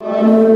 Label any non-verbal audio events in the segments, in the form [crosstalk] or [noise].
Amen.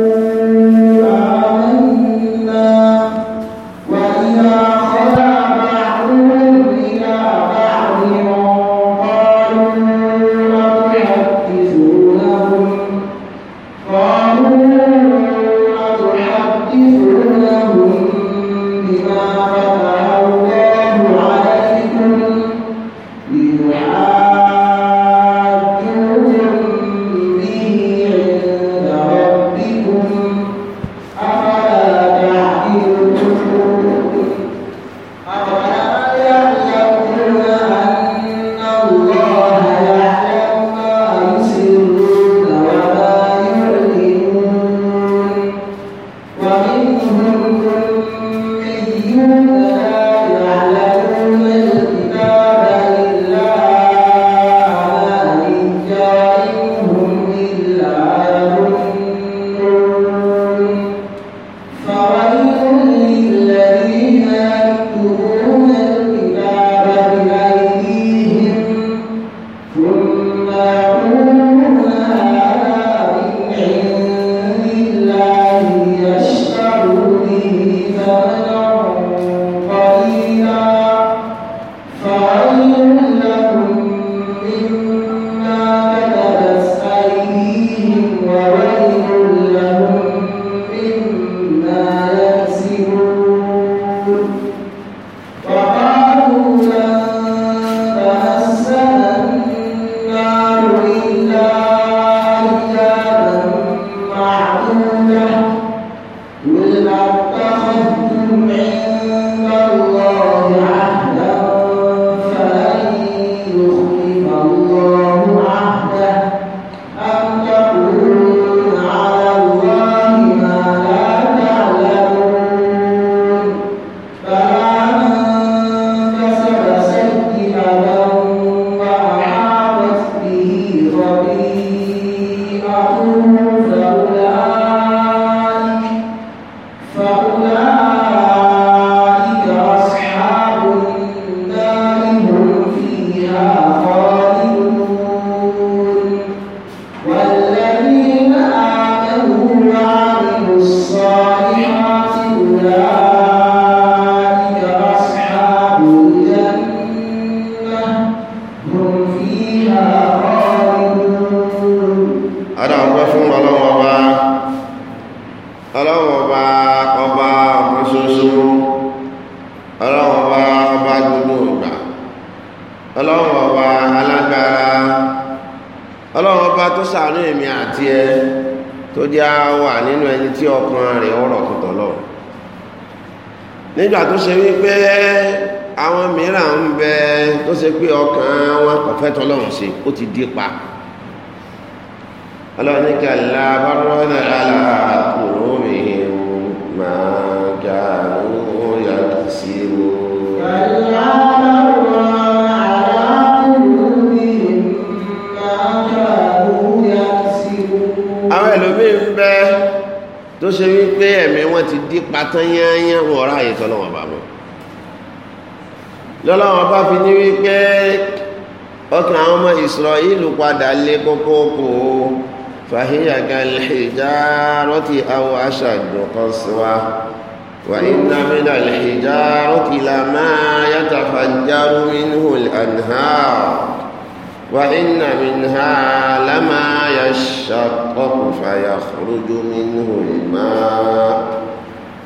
tó ṣe wípé àwọn mìíràn ń bẹ tó ṣe pé ọkàn wọn kò fẹ́ tọ́lọ́run ṣe ó ti dí pa ọlọ́run ní kàlá bárọ́nà aláàkùrọ̀ mi máa ga àwọn yàtọ̀ sí wo. kàlá bárọ́nà aláàkùrọ̀ mi máa ga àwọn yàtọ̀ sí wo. àwọn ẹlòmíín bẹ tó ṣe wípé ẹ̀mí wọn ti dí pa tán yẹn. ọkàn àwọn ọmọ Isra'il padà lé kókó kò ó fàhíyà kal-hijarati aw ashaddu qaswa wa inna mina al-hijarati lama yatafajjaru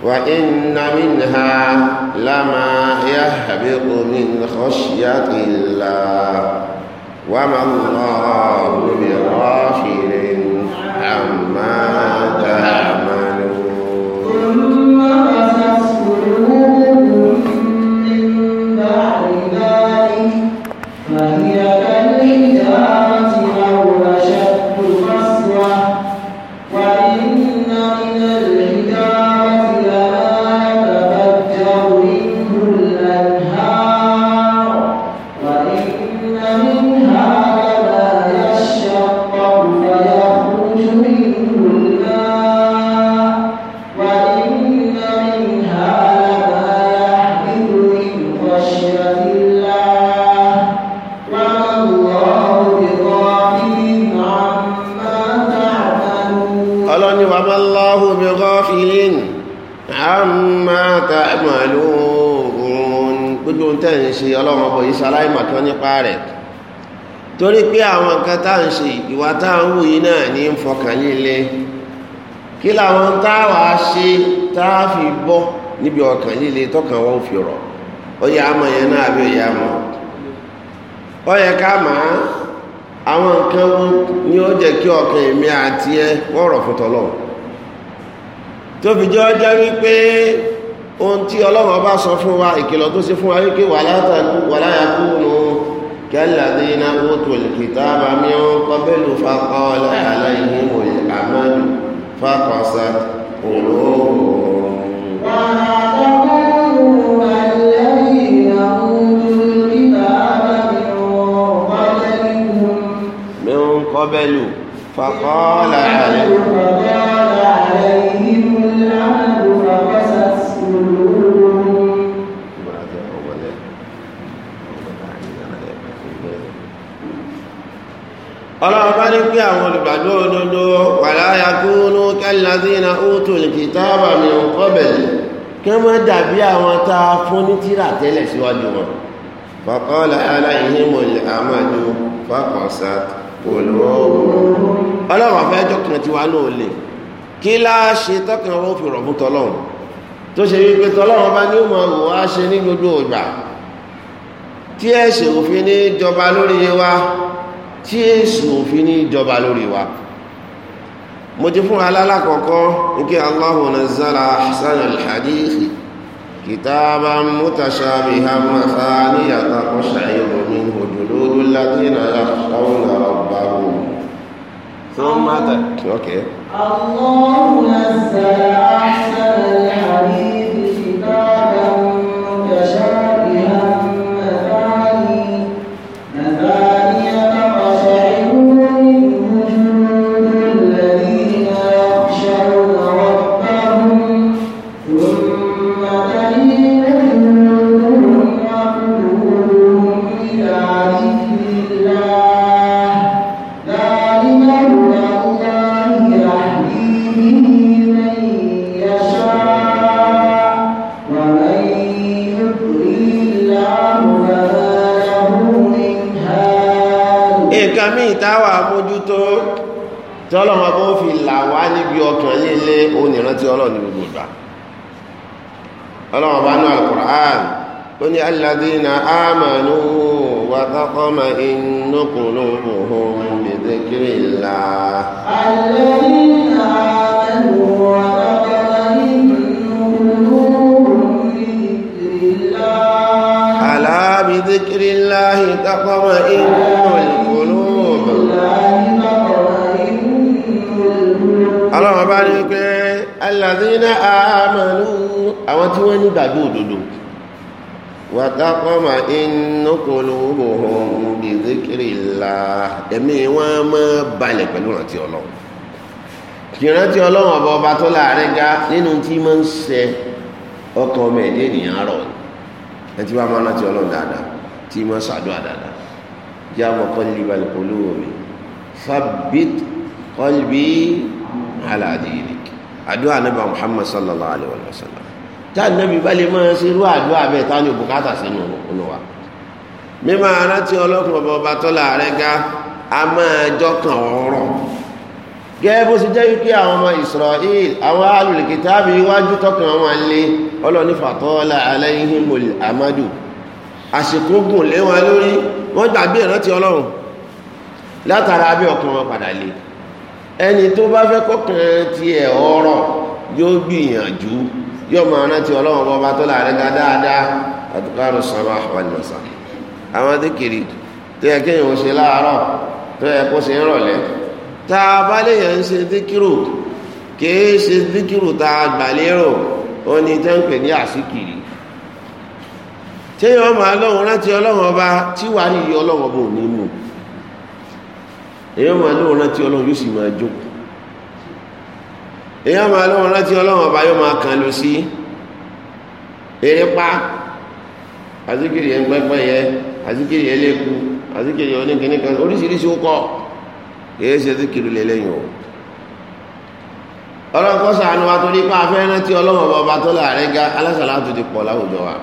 وإن منها لما يهبط من خشية الله وما الله بغافل عما ṣaláì màkàn nípa rẹ̀ torí pé àwọn nǹkan tá ń ṣe ìwà tá à ń wù yìí náà ní ń fọkàn líle kí làwọn táwa ṣe tá a fi bọ́ níbi ọkàn líle tọkàn wọn fi rọ̀ ó yẹ àmọ̀ yẹn náà àbí ó yẹ àmọ̀ ó yẹ ká màá àwọn nǹkan wo ni ó jẹ́ kí ọkàn èmi àti ẹ wọ́rọ̀ fún tọ́lọ́run tó fi jẹ́ ọjọ́ wípé ohun tí ọlọ́run ọba sọ fún wa ìkìlọ̀ tó ṣe fún wa wípé wà látàlú wà láyàkúnù kẹ́làdé iná owó tó lè kìtà bá mi ń kọ́ bẹ́lú ọlọ́run bá ní pé àwọn olùgbàgbọ́ òdodo wà láyà kúrú kẹ́lẹ́dínà òtò ìkìtàbà mi ò kọ́bẹ̀lì kí wọ́n dàbí àwọn tá a fún ní tírà tẹ́lẹ̀ síwájú wọn fọ́kọ́lá aláìhímọ̀ àmàdù fọ́kànsá olùwọ́wọ́ ọlọ́run afẹ́ tí èsù òfin ní ìjọba lórí wa mo ti fún alálàkọ̀ọ́kọ́ nke Allahu nazzala ahsan al-hadithi kitaban mutashabihan mathaniya taqsha'iru minhu juludul ladhina yakhshawna rabbahum thumma tàkì ọ̀kẹ́. Allahu nazzala ahsan al-hadithi kitaban ní alladhina amanu wa tatma'innu qulubuhum bi dhikrillah. alladhina amanu wa tatma'innu qulubuhum bi dhikrillah. ala bi dhikrillahi tatma'innul qulub. ọlọ́run bá ní pé alladhina amanu àwọn tí wọ́n ní gbàgbọ́ òdodo wàtàkọ́mà inú kòlóhùn bìzíkìrì là ẹ̀mí wọn máa balẹ̀ pẹ̀lú ìrántí ọlọ́run ìrántí ọlọ́run ọba ọba tó láàrin ga nínú tí máa ń ṣe ọkọ̀ ọmọ ẹ̀dẹ́ ènìyàn rọ̀ ẹ ti wá máa rántí ọlọ́run dáadáa tí máa ṣàdúrà dáadáa jẹ́ àmọ́ kọ́lí balẹ̀ pẹ̀lú omi fabit kọ́lí bí aládìyìnì àdúrà nípa Muhammad sallallahu alayhi wa sallam táànàbí bá lè máa ṣe irú àdúrà bẹ́ẹ̀ táwọn òbúkátà sínú olùwà mímọ arántí ọlọ́kùnrin ọba ọba tọ́lá rẹ ga a máa jọkàn ọ̀rọ̀ gẹ́gẹ́ bó ṣe jẹ́ wípé àwọn ọmọ Israel àwọn alùlùkìtàbí iwájú tọkàn wọn lé ọlọ́nífà tọ́lá aláìhìmọ̀lì amadu àsìkò gùn lé wọn lórí wọ́n gbàgbé ìrántí ọlọ́run látara bí ọkàn wọn padà lé ẹni tó bá fẹ́ kọ́kàn tiẹ̀ ọ̀rọ̀ yóò gbìyànjú yóò máa rántí ọlọ́run bọ́ba tó láàrin ga dáadáa àtúkárò sọ́rọ̀ àwàlùmọ̀sá àwọn díkìrì tó yẹ kéèyàn ó ṣe láàárọ̀ tó yẹ kó ṣe ń rọ̀lẹ́ tá a bá léèyàn ń ṣe díkìrù kìí ṣe díkìrù tá a gbà lérò ó ní tẹ́ ń pè ní àṣìkìrì téèyàn máa lọ́run rántí ọlọ́run ọba tí wàá yí ọlọ́run ọba ò ní mú èèyàn máa lọ́run rántí ọlọ́run yóò sì máa jókòó èyàn máa lọ́wọ́ rántí ọlọ́wọ́n ọba yóò máa kàn lù sí erépa azikiri yẹn gbẹ́gbẹ́ yẹ azikiri yẹn lẹ́kù azikiri yẹn oníkìní kan oríṣiríṣi ó kọ́ èyí ṣe lélẹ́yìn o pa afẹ́ rántí tó ga alásàlá tó ti pọ̀ láwùjọ wa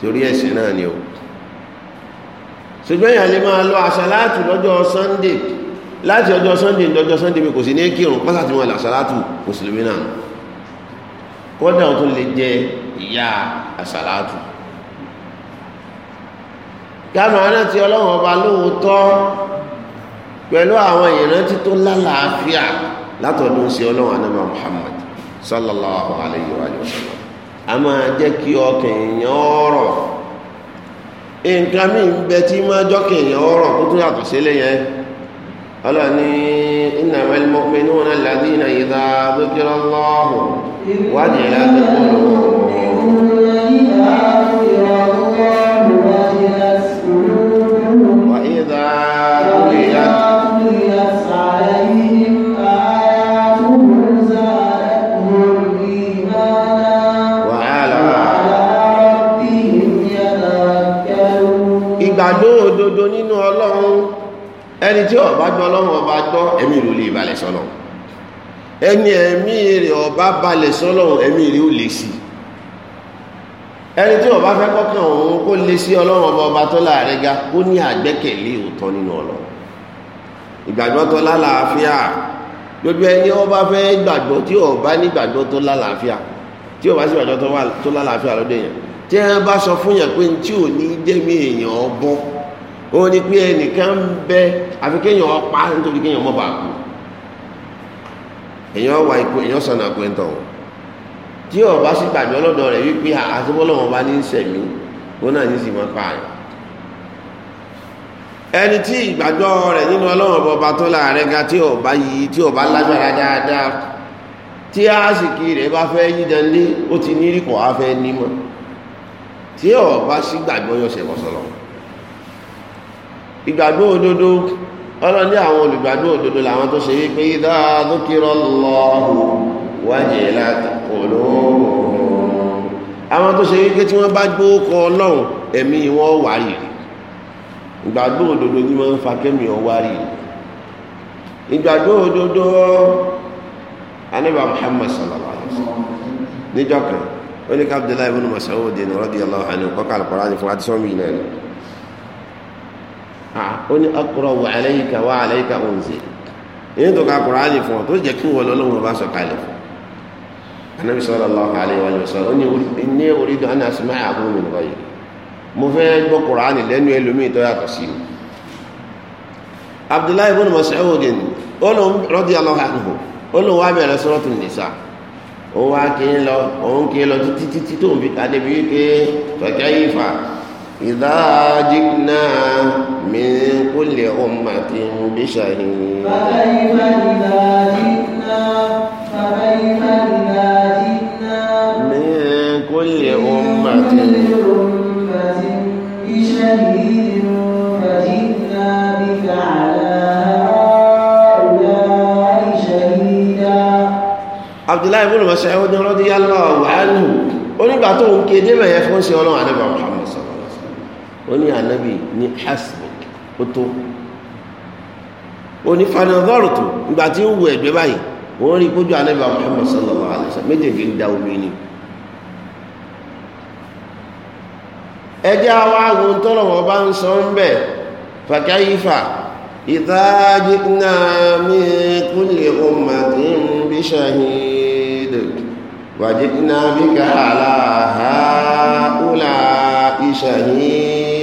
torí ẹ̀sìn náà ni o ṣùgbọ́n máa lọ àṣàlá Sunday láti ọjọ́ sunday ìjọjọ́ sunday mi kò sí ní kírun pásá tí wọ́n là sàlátù mùsùlùmí náà kódà ó tún lè jẹ ìyá àsàlátù káàmù àná ti ọlọ́run ọba lóòótọ́ pẹ̀lú àwọn ìrántí tó lálàáfíà látọ̀dún sí ọlọ́run anábà Muhammad sallallahu alayhi wa sallam a máa jẹ́ kí ọkàn èèyàn ọ̀rọ̀ nǹkan mi ń bẹ tí máa jọ́kàn èèyàn ọ̀rọ̀ tó tún yàtọ̀ sílé yẹn ọlọ́ni innamal mu'minuna alladhina idha dhukira Allahu wajilat qulubuhum sọ́lọ̀ ẹni ẹ̀mí rẹ̀ ọba balẹ̀ sọ́lọ̀ ẹ̀mí rẹ̀ ó lè sí ẹni tí ọba fẹ́ kọ́kàn òun kó lè sí ọlọ́run ọba ọba tó láàrẹ́ ga kó ní àgbẹ́kẹ̀lé òótọ́ nínú ọlọ́run ìgbàgbọ́ tó lálàáfíà gbogbo ẹni ọba fẹ́ gbàgbọ́ tí ọba ní gbàgbọ́ tó lálàáfíà tí ọba sì gbàgbọ́ tó lálàáfíà lọ́dọ̀ èèyàn tí wọ́n bá sọ fún yàn pé tí ò ní jẹ́mi èèyàn ọgbọ́n ó ní pé ẹnìkan ń bẹ àfi kéèyàn ọpa nítorí kéèyàn mọ́ bàá èèyàn wà ikú èèyàn sọnà pẹntọ tí ọba sì gbàgbọ́ ọlọ́dọ̀ rẹ̀ wípé àtúbọlọwọ bá ní wọn náà ní sì máa pa ẹni tí ìgbàgbọ́ rẹ̀ nínú Ọlọ́run bọba tó láàrẹ ga tí ọba yìí tí ọba lágbára dáadáa tí rẹ̀ bá fẹ́ ó ti ọba sì gbàgbọ́ ìgbàgbọ́ ọlọ́ni àwọn olùgbàdúrà òdodo làwọn tó ṣe wípé idha dhukira Allahu wajilat qulubuhum àwọn tó ṣe wípé tí wọ́n bá gbóòkọ ọlọ́run ẹ̀mí wọn wà rí ìgbàgbọ́ òdodo ni wọ́n ń fa kẹ́mi ọwá rí ìgbàgbọ́ òdodo onye ní aqra'u alayka wa alayka unzil èyí tó ka Kùránì fún tó jẹ́ kí wọ́n lọ́lọ́wọ́ bá sọ kalẹ̀ fún anabi sallallahu alayhi wa sallam ó ní min ghayri mo fẹ́ gbọ́ Kùránì lẹ́nu ẹlòmíì tó yàtọ̀ sí mi abdullahi ibn mas'udin olóhùn wa lọ lọ títí títí tó ń إذا جئنا من كل أمة بشهيد فكيف إذا جئنا فكيف إذا جئنا من كل أمة بشهيد فجئنا بك على هؤلاء شهيدا عبد الله بن مسعود رضي الله عنه onígbà tó ń kéde mẹ́yẹ fún sí ọlọ́run àdébàmọ́ ó ní ànábì ní hasbuk ó tó ó ní fanadọ́rù tó ìgbà tí ó wu ẹ̀gbẹ́ báyìí wọ́n rí kójú ànábì Muhammad sallallahu alayhi wa sallam méjèèjì ń da omi ni. ẹjẹ́ àwa àwọn tọ́lọ̀wọ́ bá ń sọ ń bẹ̀ fàkẹ́yífà ìdájí náà mi kúlẹ̀ ọmọ tí ń bí ṣahídì wàjí náà bí ká àlàáhà ó là ìṣahídì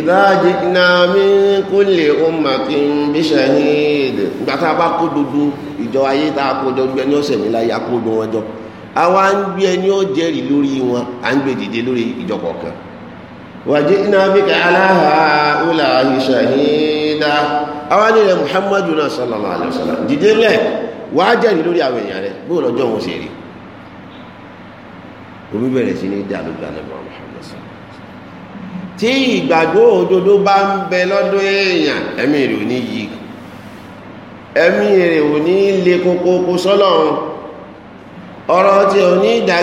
idha ji'na min kulli ummatin bi shahid ìgbà tá a bá kó dodo ìjọ ayé tá a kó jọ gbé ẹni ọ̀sẹ̀ mi láyé a kó do wọn jọ àwa ń gbé ẹni ó jẹ́rìí lórí wọn à ń gbé dìde lórí ìjọ kọ̀ọ̀kan wa ji'na bika ala ha'ula'i shahida àwa ní rẹ muhammadu náà sallallahu alayhi wa dìde lẹ wà á jẹ́rìí lórí àwọn èèyàn rẹ bó lọ́jọ́ wọn ṣe rí omi bẹ̀rẹ̀ sí ní dàlú gbàlẹ́ muhammadu sallallahu tí ìgbàgbọ́ òdodo bá ń bẹ lọ́dọ̀ èèyàn ẹ̀mí èrè ò ní yí ẹ̀mí èrè ò ní lè koko kó ọ̀rọ̀ ti ò ní dà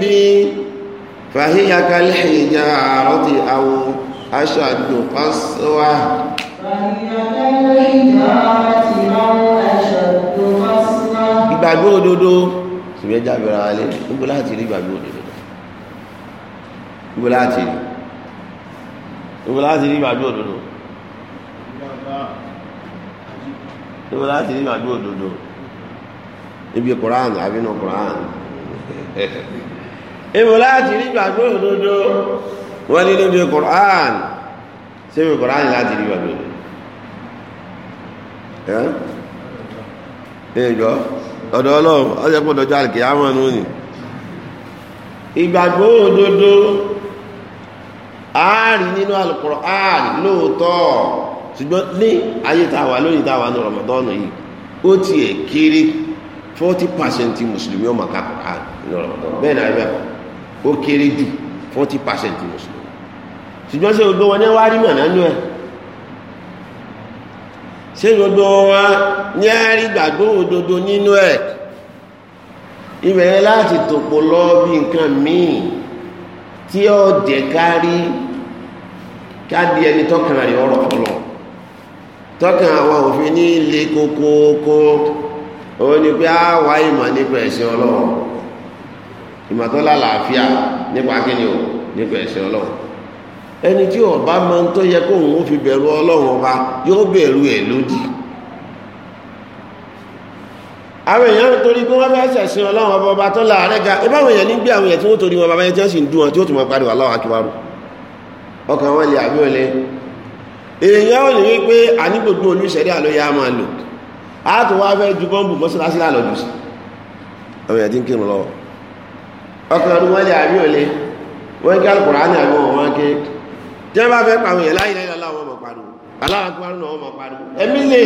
bí fàhíyà ìjà àárọ̀ ti àwọ aṣáájú òdodo alẹ́ láti rí òdodo láti rí. níbo láti rí màálù òdodo níbo láti rí màálù òdodo níbi koran àbínú koran níbo láti [laughs] rí màálù òdodo wọ́n ní níbi koran síbi koran láti rí màálù òdodo ẹ jọ ọ̀dọ̀ Ọlọ́run ọjọ́ ààrí nínú Al-Qur'an lóòótọ́ ṣùgbọ́n ní ayé tá a wà ní rọmọdọ́nù yìí ó tiẹ̀ kéré forty mùsùlùmí ọmọ ká Qur'an ní rọmọdọ́nù bẹ́ẹ̀ náà bẹ́ẹ̀ ó kéré jù forty mùsùlùmí ṣùgbọ́n ṣé gbogbo wọn ní rí mọ̀ nánú ẹ̀ gbogbo wọn ní òdodo nínú ẹ̀ láti tòpò lọ tí ó jẹ́ kárí káàdì ẹni tọ́kàn rẹ̀ ọ̀rọ̀ ọ̀lọ̀ tọ́kàn àwọn òfin ní ilé kókóókó ó ní pé á wá ìmọ̀ nípa ẹ̀sìn ọlọ́run ìmọ̀ tó lálàáfíà nípa kíni o nípa ẹ̀sìn ọlọ́run ẹni tí ọba yẹ kóun ó fi bẹ̀rù ọlọ́run ọba yóò bẹ̀rù ẹ̀ lódì àwọn èèyàn torí pé wọ́n fẹ́ ṣẹ̀sìn ọlọ́run ọba ọba tó láàárẹ̀ ga ìbáwọn èèyàn ní gbé àwọn èèyàn tí wọ́n torí wọn bàbá yẹn tí wọ́n sì ń dún wọn tí ó tún mọ̀ pariwo aláwọ̀ akíwárù ọkàn wọn lè àbí ọlẹ́ èèyàn ò lè wí pé ànígbògbò olùsẹ̀rí àlóyà máa lò a tó wá fẹ́ ju bọ́ǹbù mọ́ṣáláṣí lálọ́jù sí àwọn èèyàn tí ń kírun lọ́wọ́ ọkàn ọdún wọn lè àbí ọlẹ́ wọ́n kí alukùránì àbí wọn wọn ké tí wọ́n bá fẹ́ pàwọn èèyàn láyé lẹ́yìn aláwọ̀ ọmọ pariwo aláwọ̀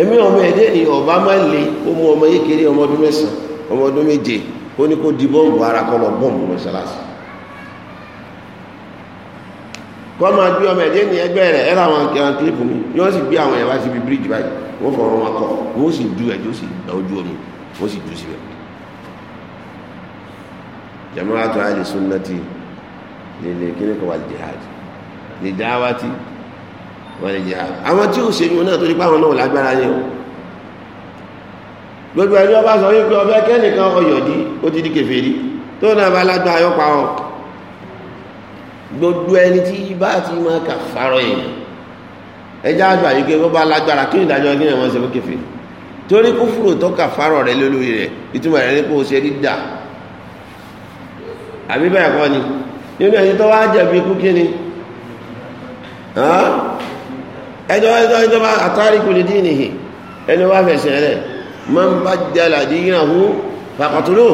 èmi ọmọ ẹ̀dẹ́ ni ọba máa le ó mú ọmọ yìí kéré ọmọ ọdún mẹ́sàn-án ọmọ ọdún méje ó ní kó di bọ́ǹbù ara kọ́ lọ bọ́ǹbù mọ́ṣáláṣí kọ́ máa gbé ọmọ ẹ̀dẹ́ ní ẹgbẹ́ rẹ̀ ẹ̀rọ àwọn akẹ́wọ̀n kílípù mi yóò sì gbé àwọn ẹ̀wá síbi bíríìjì báyìí wọ́n fọ̀rọ̀ wọn kọ́ wọ́n sì du ẹ̀jọ́ sì gba ojú omi wọ́n sì du síbẹ̀. jamaatu ali sunnati lè lè kíní kọ́ wà jihad lè dáwàtì wọ́n lè jihad àwọn tí ò ṣe yún náà torí páwọn náà lágbára yẹn o gbogbo ẹni ọba sọ wípé ọbẹ kẹ́nìkan ọyọ̀dí ó ti di kèfèrí tó náà bá lágbá ayọ́pa ọ gbogbo ẹni tí bá ti máa kà fárọ yẹn ẹjá àgbà yìí pé bọ́bá lágbára kí ìdájọ́ kí ni wọ́n ṣe fún kèfèrí torí kúfùrù tó kà fárọ rẹ lólórí rẹ ìtumọ̀ rẹ ní kó o ṣe rí dà àbí bẹ́ẹ̀ kọ́ ni nínú ẹni tó wá jẹ̀bi ikú kí ni. Huh? ẹjọ bá àtàríkù lè dí nìyí ẹni wá fẹ̀sẹ̀ rẹ̀ man baddala dinahu faqatulu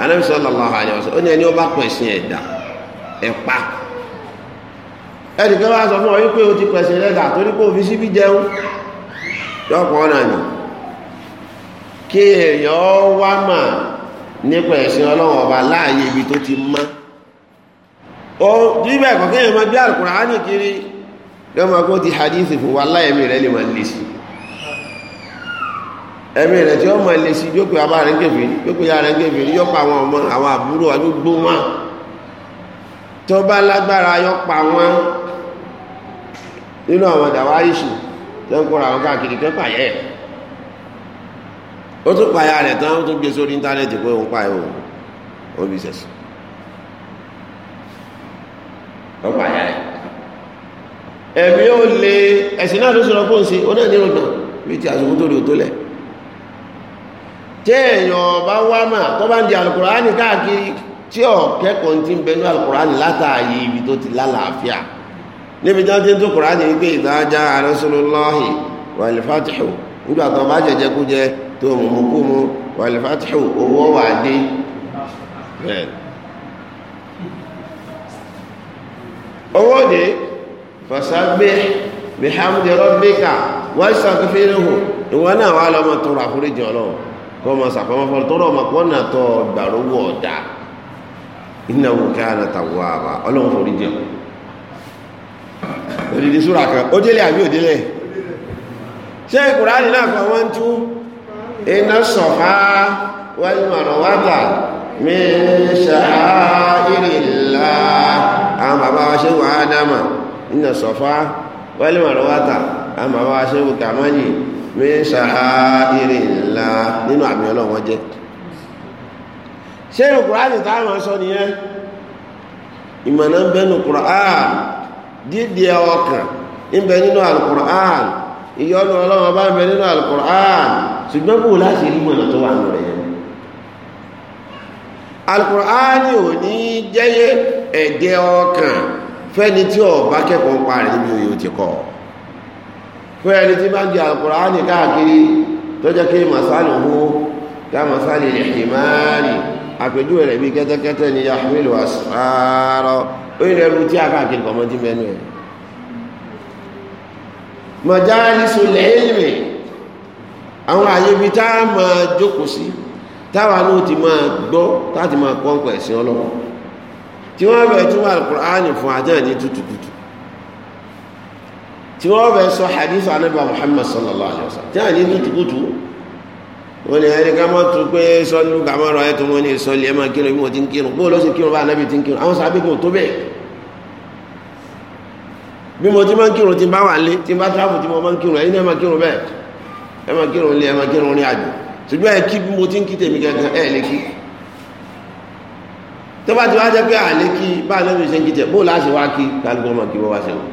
Ànábì sallallahu alaihi wasallam ó ní ẹni ó bá pẹ̀sìn ẹ̀dá ẹ̀pá ẹnìkan sọ fún ọ wípé o ti pẹ̀sìn ẹ̀dá torí pé o fi jẹun lọ́pọ̀ ọ̀nà ni kí èèyàn wá mà nípa ẹ̀sìn ọba láàyè ibi tó ti mọ́ kọ̀kẹ́ bí kiri ní ọmọ kó ti hadithi fún wa láyẹ̀mí rẹ̀ lè máa lè sí ẹ̀mí rẹ̀ tí ó lè sí yóò pé rẹ̀ ń ya rẹ̀ ń pa ọmọ àwọn àbúrò àdúgbò wọn tó bá lágbára pa wọn nínú àwọn dàwáyìṣù tó ń kóra àwọn káàkiri tó pààyẹ́ ó tún pààyà rẹ̀ tán ó tún gbé sórí íńtánẹ́ẹ̀tì pé òun òun òun ẹ̀mí ó lè ẹ̀sìn náà ló sọ̀rọ̀ fún sí ó náà ní ọ̀nà bí ti àsìkò tó lò tó lẹ̀ tẹ́ èèyàn bá wá mà tó bá ń di alukurani káàkiri tí ọ̀ kẹ́kọ̀ọ́ ti ń bẹnu alukurani látààyè ibi tó ti lálàáfíà níbi tí wọ́n ti ń tó kurani wípé ìdájá arásúlọ́láhì wàlífàtìhù nígbà tó bá jẹjẹ kú jẹ tó mú mú kú mú wàlífàtìhù owó wà dé owó dé fasabbih bihamdi rabbika wastaghfirhu ìwọ náà wà lọ́mọ tó rà fúrìjì ọlọ́run kọ́ ọmọ sàfọ́mọ́ fọ́ tó rọ̀ ọmọ kọ́ náà tọ́ gbàrówó ọ̀dà innahu kana tawwaba ọlọ́run fòrìjì ọ̀ òdìdí súra kan ó délé àbí òdélé ṣé ìkùránì náà fọ wọ́n tú iná sọ̀fá wal marwata min sha'airillah àwọn bàbá wa ṣe wà inna safa wal marwata àmà wá ṣẹ́gun kàmáyì min sha'airillah nínú àmì ọlọ́run wọn jẹ́ ṣé ìkùránì táwọn sọ nìyẹn ìmọ̀nà ń bẹ nínú Qur'an dídì ọkàn ń bẹ nínú al-Qur'an ìyọ́nù ọlọ́run bá ń bẹ nínú al-Qur'an ṣùgbọ́n kò láti rí mọ̀nà tó wà nù rẹ̀ yẹn ò ní jẹ́yẹ ẹ̀jẹ̀ ọkàn fẹ́ni tí ọ̀ bá kẹ́kọ̀ọ́ ń parẹ̀ níbi òye òtì kọ́ fẹ́ ẹni tí bá ń di àkùránì káàkiri tó jẹ́ kí màsálì hó ká màsálì lè hìmáàrì àpèjúwe rẹ̀ bí kẹ́tẹ́kẹ́tẹ́ ni yahmilu asfárọ́ ó yẹ ẹrú tí a káàkiri kọ̀ mọ́tí mẹ́nu ẹ̀ majalisu lẹ́yìnmì àwọn àyè ibi tá a máa jókòó sí táwa náà ti máa gbọ́ tá a ti máa kọ́ ń pẹ̀ ọlọ́wọ́ tí wọ́n fẹ́ túmọ̀ alukur'ani fún àtẹ́rẹ̀ ní tutututu tí wọ́n fẹ́ sọ hadith anábà muhammad sallallahu alayhi wa sallam tí wọ́n ní tutututu wọ́n ní ẹni ká mọ́ tu pé sọ́nù ká mọ́ rọ ẹ̀ tó mọ́ ní sọ́lì ẹ̀ máa kírun bí mo ti ń kírun bó ló sì kírun bá anábì ti ń kírun àwọn sábẹ́ kò tó bẹ́ẹ̀ bí mo ti àjò ṣùgbọ́n ẹ bí mo ti ń kí tèmi gangan ẹ̀ lè kí tó bá ti wá jẹ́ pé àlé kí bá lẹ́nu ìṣe ń kí tẹ̀ bó láṣẹ wá kí kálukú ọmọ kí wọ́n wá ṣẹlẹ̀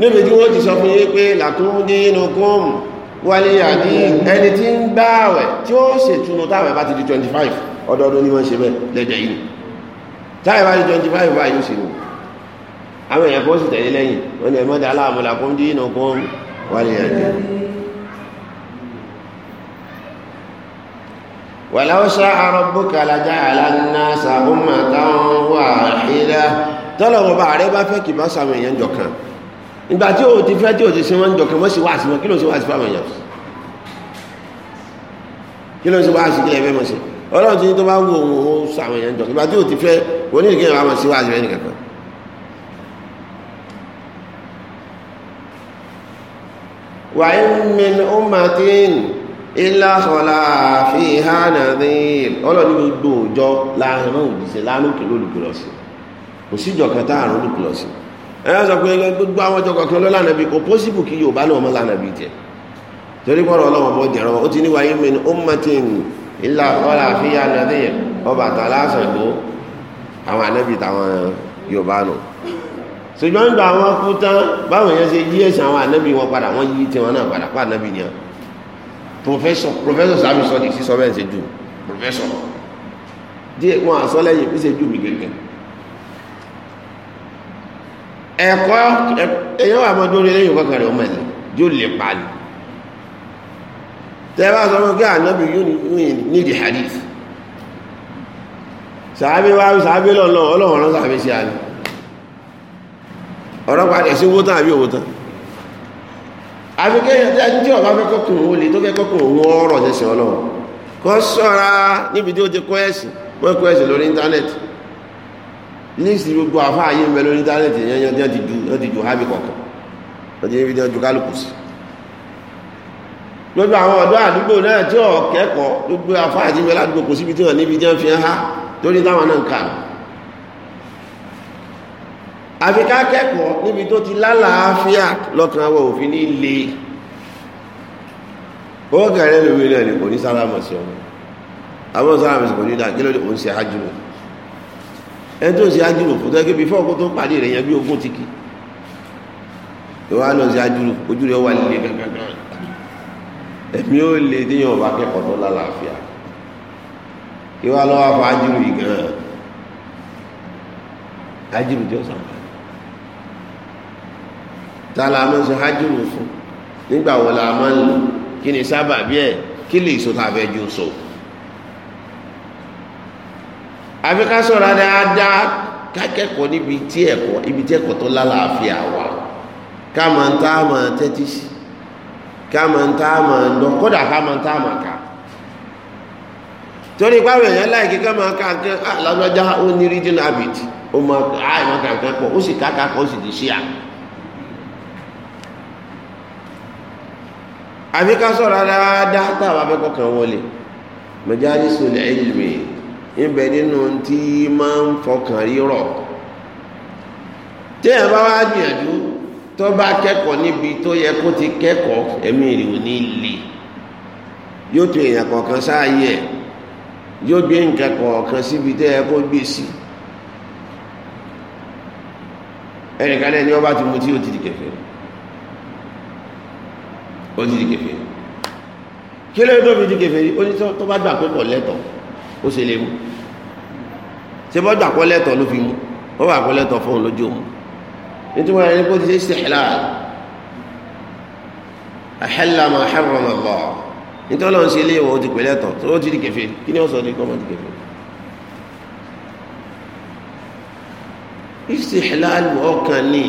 níbi tí wọ́n ti sọ fún yín pé làtún dínú kún wálé àdí ẹni tí ń gbààwẹ̀ tí ó ṣètùnú táwọn bá ti di 25 ọdọọdún ni wọ́n ṣe bẹ́ẹ̀ lẹ́jẹ̀ yìí táwọn bá di 25 báyìí ṣe wò àwọn èèyàn kan sì tẹ̀lé lẹ́yìn wọ́n ní ẹ̀mọ́dé aláàmúlà kún dínú ولو شاء ربك لجعل الناس أمة واحدة tọ́lọ́wọ́ bá rẹ bá fẹ́ kì bá sàwọn èèyàn jọ kan ìgbà tí o ti fẹ́ tí o ti sin wọn jọ kan wọ́n sì wá sí wọn kí ló ń ṣe wá sí fáwọn èèyàn kí ló ń ṣe wá sí kílẹ̀ fẹ́ mọ̀ sí ọlọ́run ti ní tó bá wù òun ó sàwọn èèyàn jọ kan ìgbà tí o ti fẹ́ oníkèké wa mọ̀ sí wá sí rẹ nìkan kan. wàá ń min ó máa ti ń ilá sọlá fi hànà ní ọlọ́ni gbogbo òjọ láàrin òjìṣẹ́ lánàkè lólùkìlọ̀ sí kò síjọ kan táàrùn lólùkìlọ̀ sí ẹ sọ pé gbogbo àwọn ọjọ́ kọ̀ọ̀kan ló lánàbí kò pósìbù kí Yorùbá náà mọ́ lánàbí jẹ torí ọlọ́wọ́ bọ́ ó ti mẹ́ni ó ilá sọlá fi àwọn táwọn ṣùgbọ́n kú tán báwọn yẹn professor professor sami sọ di sísọ bẹ́ẹ̀ ṣe jù professor díẹ̀ wọn àsọ lẹ́yìn fi ṣe jù mí gẹ́gẹ́ ẹ̀kọ́ ẹ̀yọ́ wà máa dúró lẹ́yìn kọ́kàn rẹ̀ ọmọ ẹ̀lẹ́ yóò lè pa ni tẹ́ bá sọ fún kí ànábì yóò ní ìdí hadith sàábí wá sàábí lọ́nà ọlọ́run ọ̀rọ̀ sàábí sí àná ọ̀rọ̀ padà sí owó tán àbí owó tán àbíkẹ́ ẹni tí ọba fẹ́ kọ́kùn òun lè tó ọ̀rọ̀ ṣẹṣẹ kọ́ sọ́ra níbi tí ó ti kọ́ ẹ̀sìn wọ́n kọ́ ẹ̀sìn lórí íńtánẹ́ẹ̀tì gbogbo ayé ń bẹ lórí íńtánẹ́ẹ̀tì yẹn yẹn ti ju yẹn ti ju hábì kọ̀ọ̀kan gbogbo àwọn ọ̀dọ́ àdúgbò náà tí ọ̀kẹ́kọ̀ọ́ gbogbo àti àdúgbò kò síbi tí wọ́n níbi fi torí táwọn náà ń àfi ká kẹ́kọ̀ọ́ níbi tó ti lálàáfíà lọ́kàn àwọn òfin ní ilé ó kẹrẹ lórí náà ni kò ní sálámà sí ọmọ àwọn sálámà sí kò ní dá kí ló dé kò ń ṣe ájúmọ̀ ẹni tó ń ṣe ájúmọ̀ fún tó kébi fọ́ọ̀kú tó pàdé rẹ̀ yẹn bí ogún ti kì ìwà náà ṣe ájúmọ̀ ojú rẹ̀ wà líle gángan ẹ̀mí ó le déyàn ọba kẹ́kọ̀ọ́ tó lálàáfíà ìwà lọ́wọ́ fún ájúmọ̀ yìí gan ájúmọ̀ tí ó sàmù t'ala a máa ń ṣe hajjúrù fún nígbà la máa ni sábà bí kí lè so tàbí so. àfi ká sọ̀rọ̀ dáadáa kákẹ́kọ̀ọ́ níbi tí ẹ̀kọ́ ibi tí ẹ̀kọ́ tó lálàáfíà wà ká ń tá a tẹ́tí sí ká ń tá a máa lọ kódà ká ń tá a máa torí ipá rẹ̀ yẹn láì kíkẹ́ máa ká nǹkan alágbájá ah, ó ní rídínà àbìtì ó ah, àbí ká sọ̀rọ̀ dáadáa táwọn afẹ́kọ̀ọ́kàn wọlé majalisul ilmi níbẹ nínú tí máa ń fọkàn rírọ̀ téèyàn bá wá gbìyànjú tó bá kẹ́kọ̀ọ́ níbi tó yẹ kó ti kẹ́kọ̀ọ́ ẹ̀mí rẹ̀ ò ní le yóò tún èèyàn kọ̀ọ̀kan sáàyè ẹ̀ yóò gbé nǹkan kọ̀ọ̀kan síbi tẹ́ ẹ kó gbé sí ẹnìkan náà ni wọ́n bá ti mutí ó ti di kẹfẹ́ rẹ̀ ó ti di kèfèrí kí lóye tó fi di kèfèrí ó ní tó bá gbà pé kò lẹ́tọ̀ọ́ ó ṣe lè mú ṣe bọ́ gbà pé lẹ́tọ̀ọ́ ló fi mú ó wà pé lẹ́tọ̀ọ́ fóun lójú òun nítorí ẹni kó ti ṣe istihlal ahalla ma harrama Allah nítorí ọlọ́run ṣe léèwọ̀ ó ti pè lẹ́tọ̀ọ́ tó ó ti di kèfèrí kí ni ó sọ di kọ́ mọ́ di kèfèrí istihlal ọkàn ni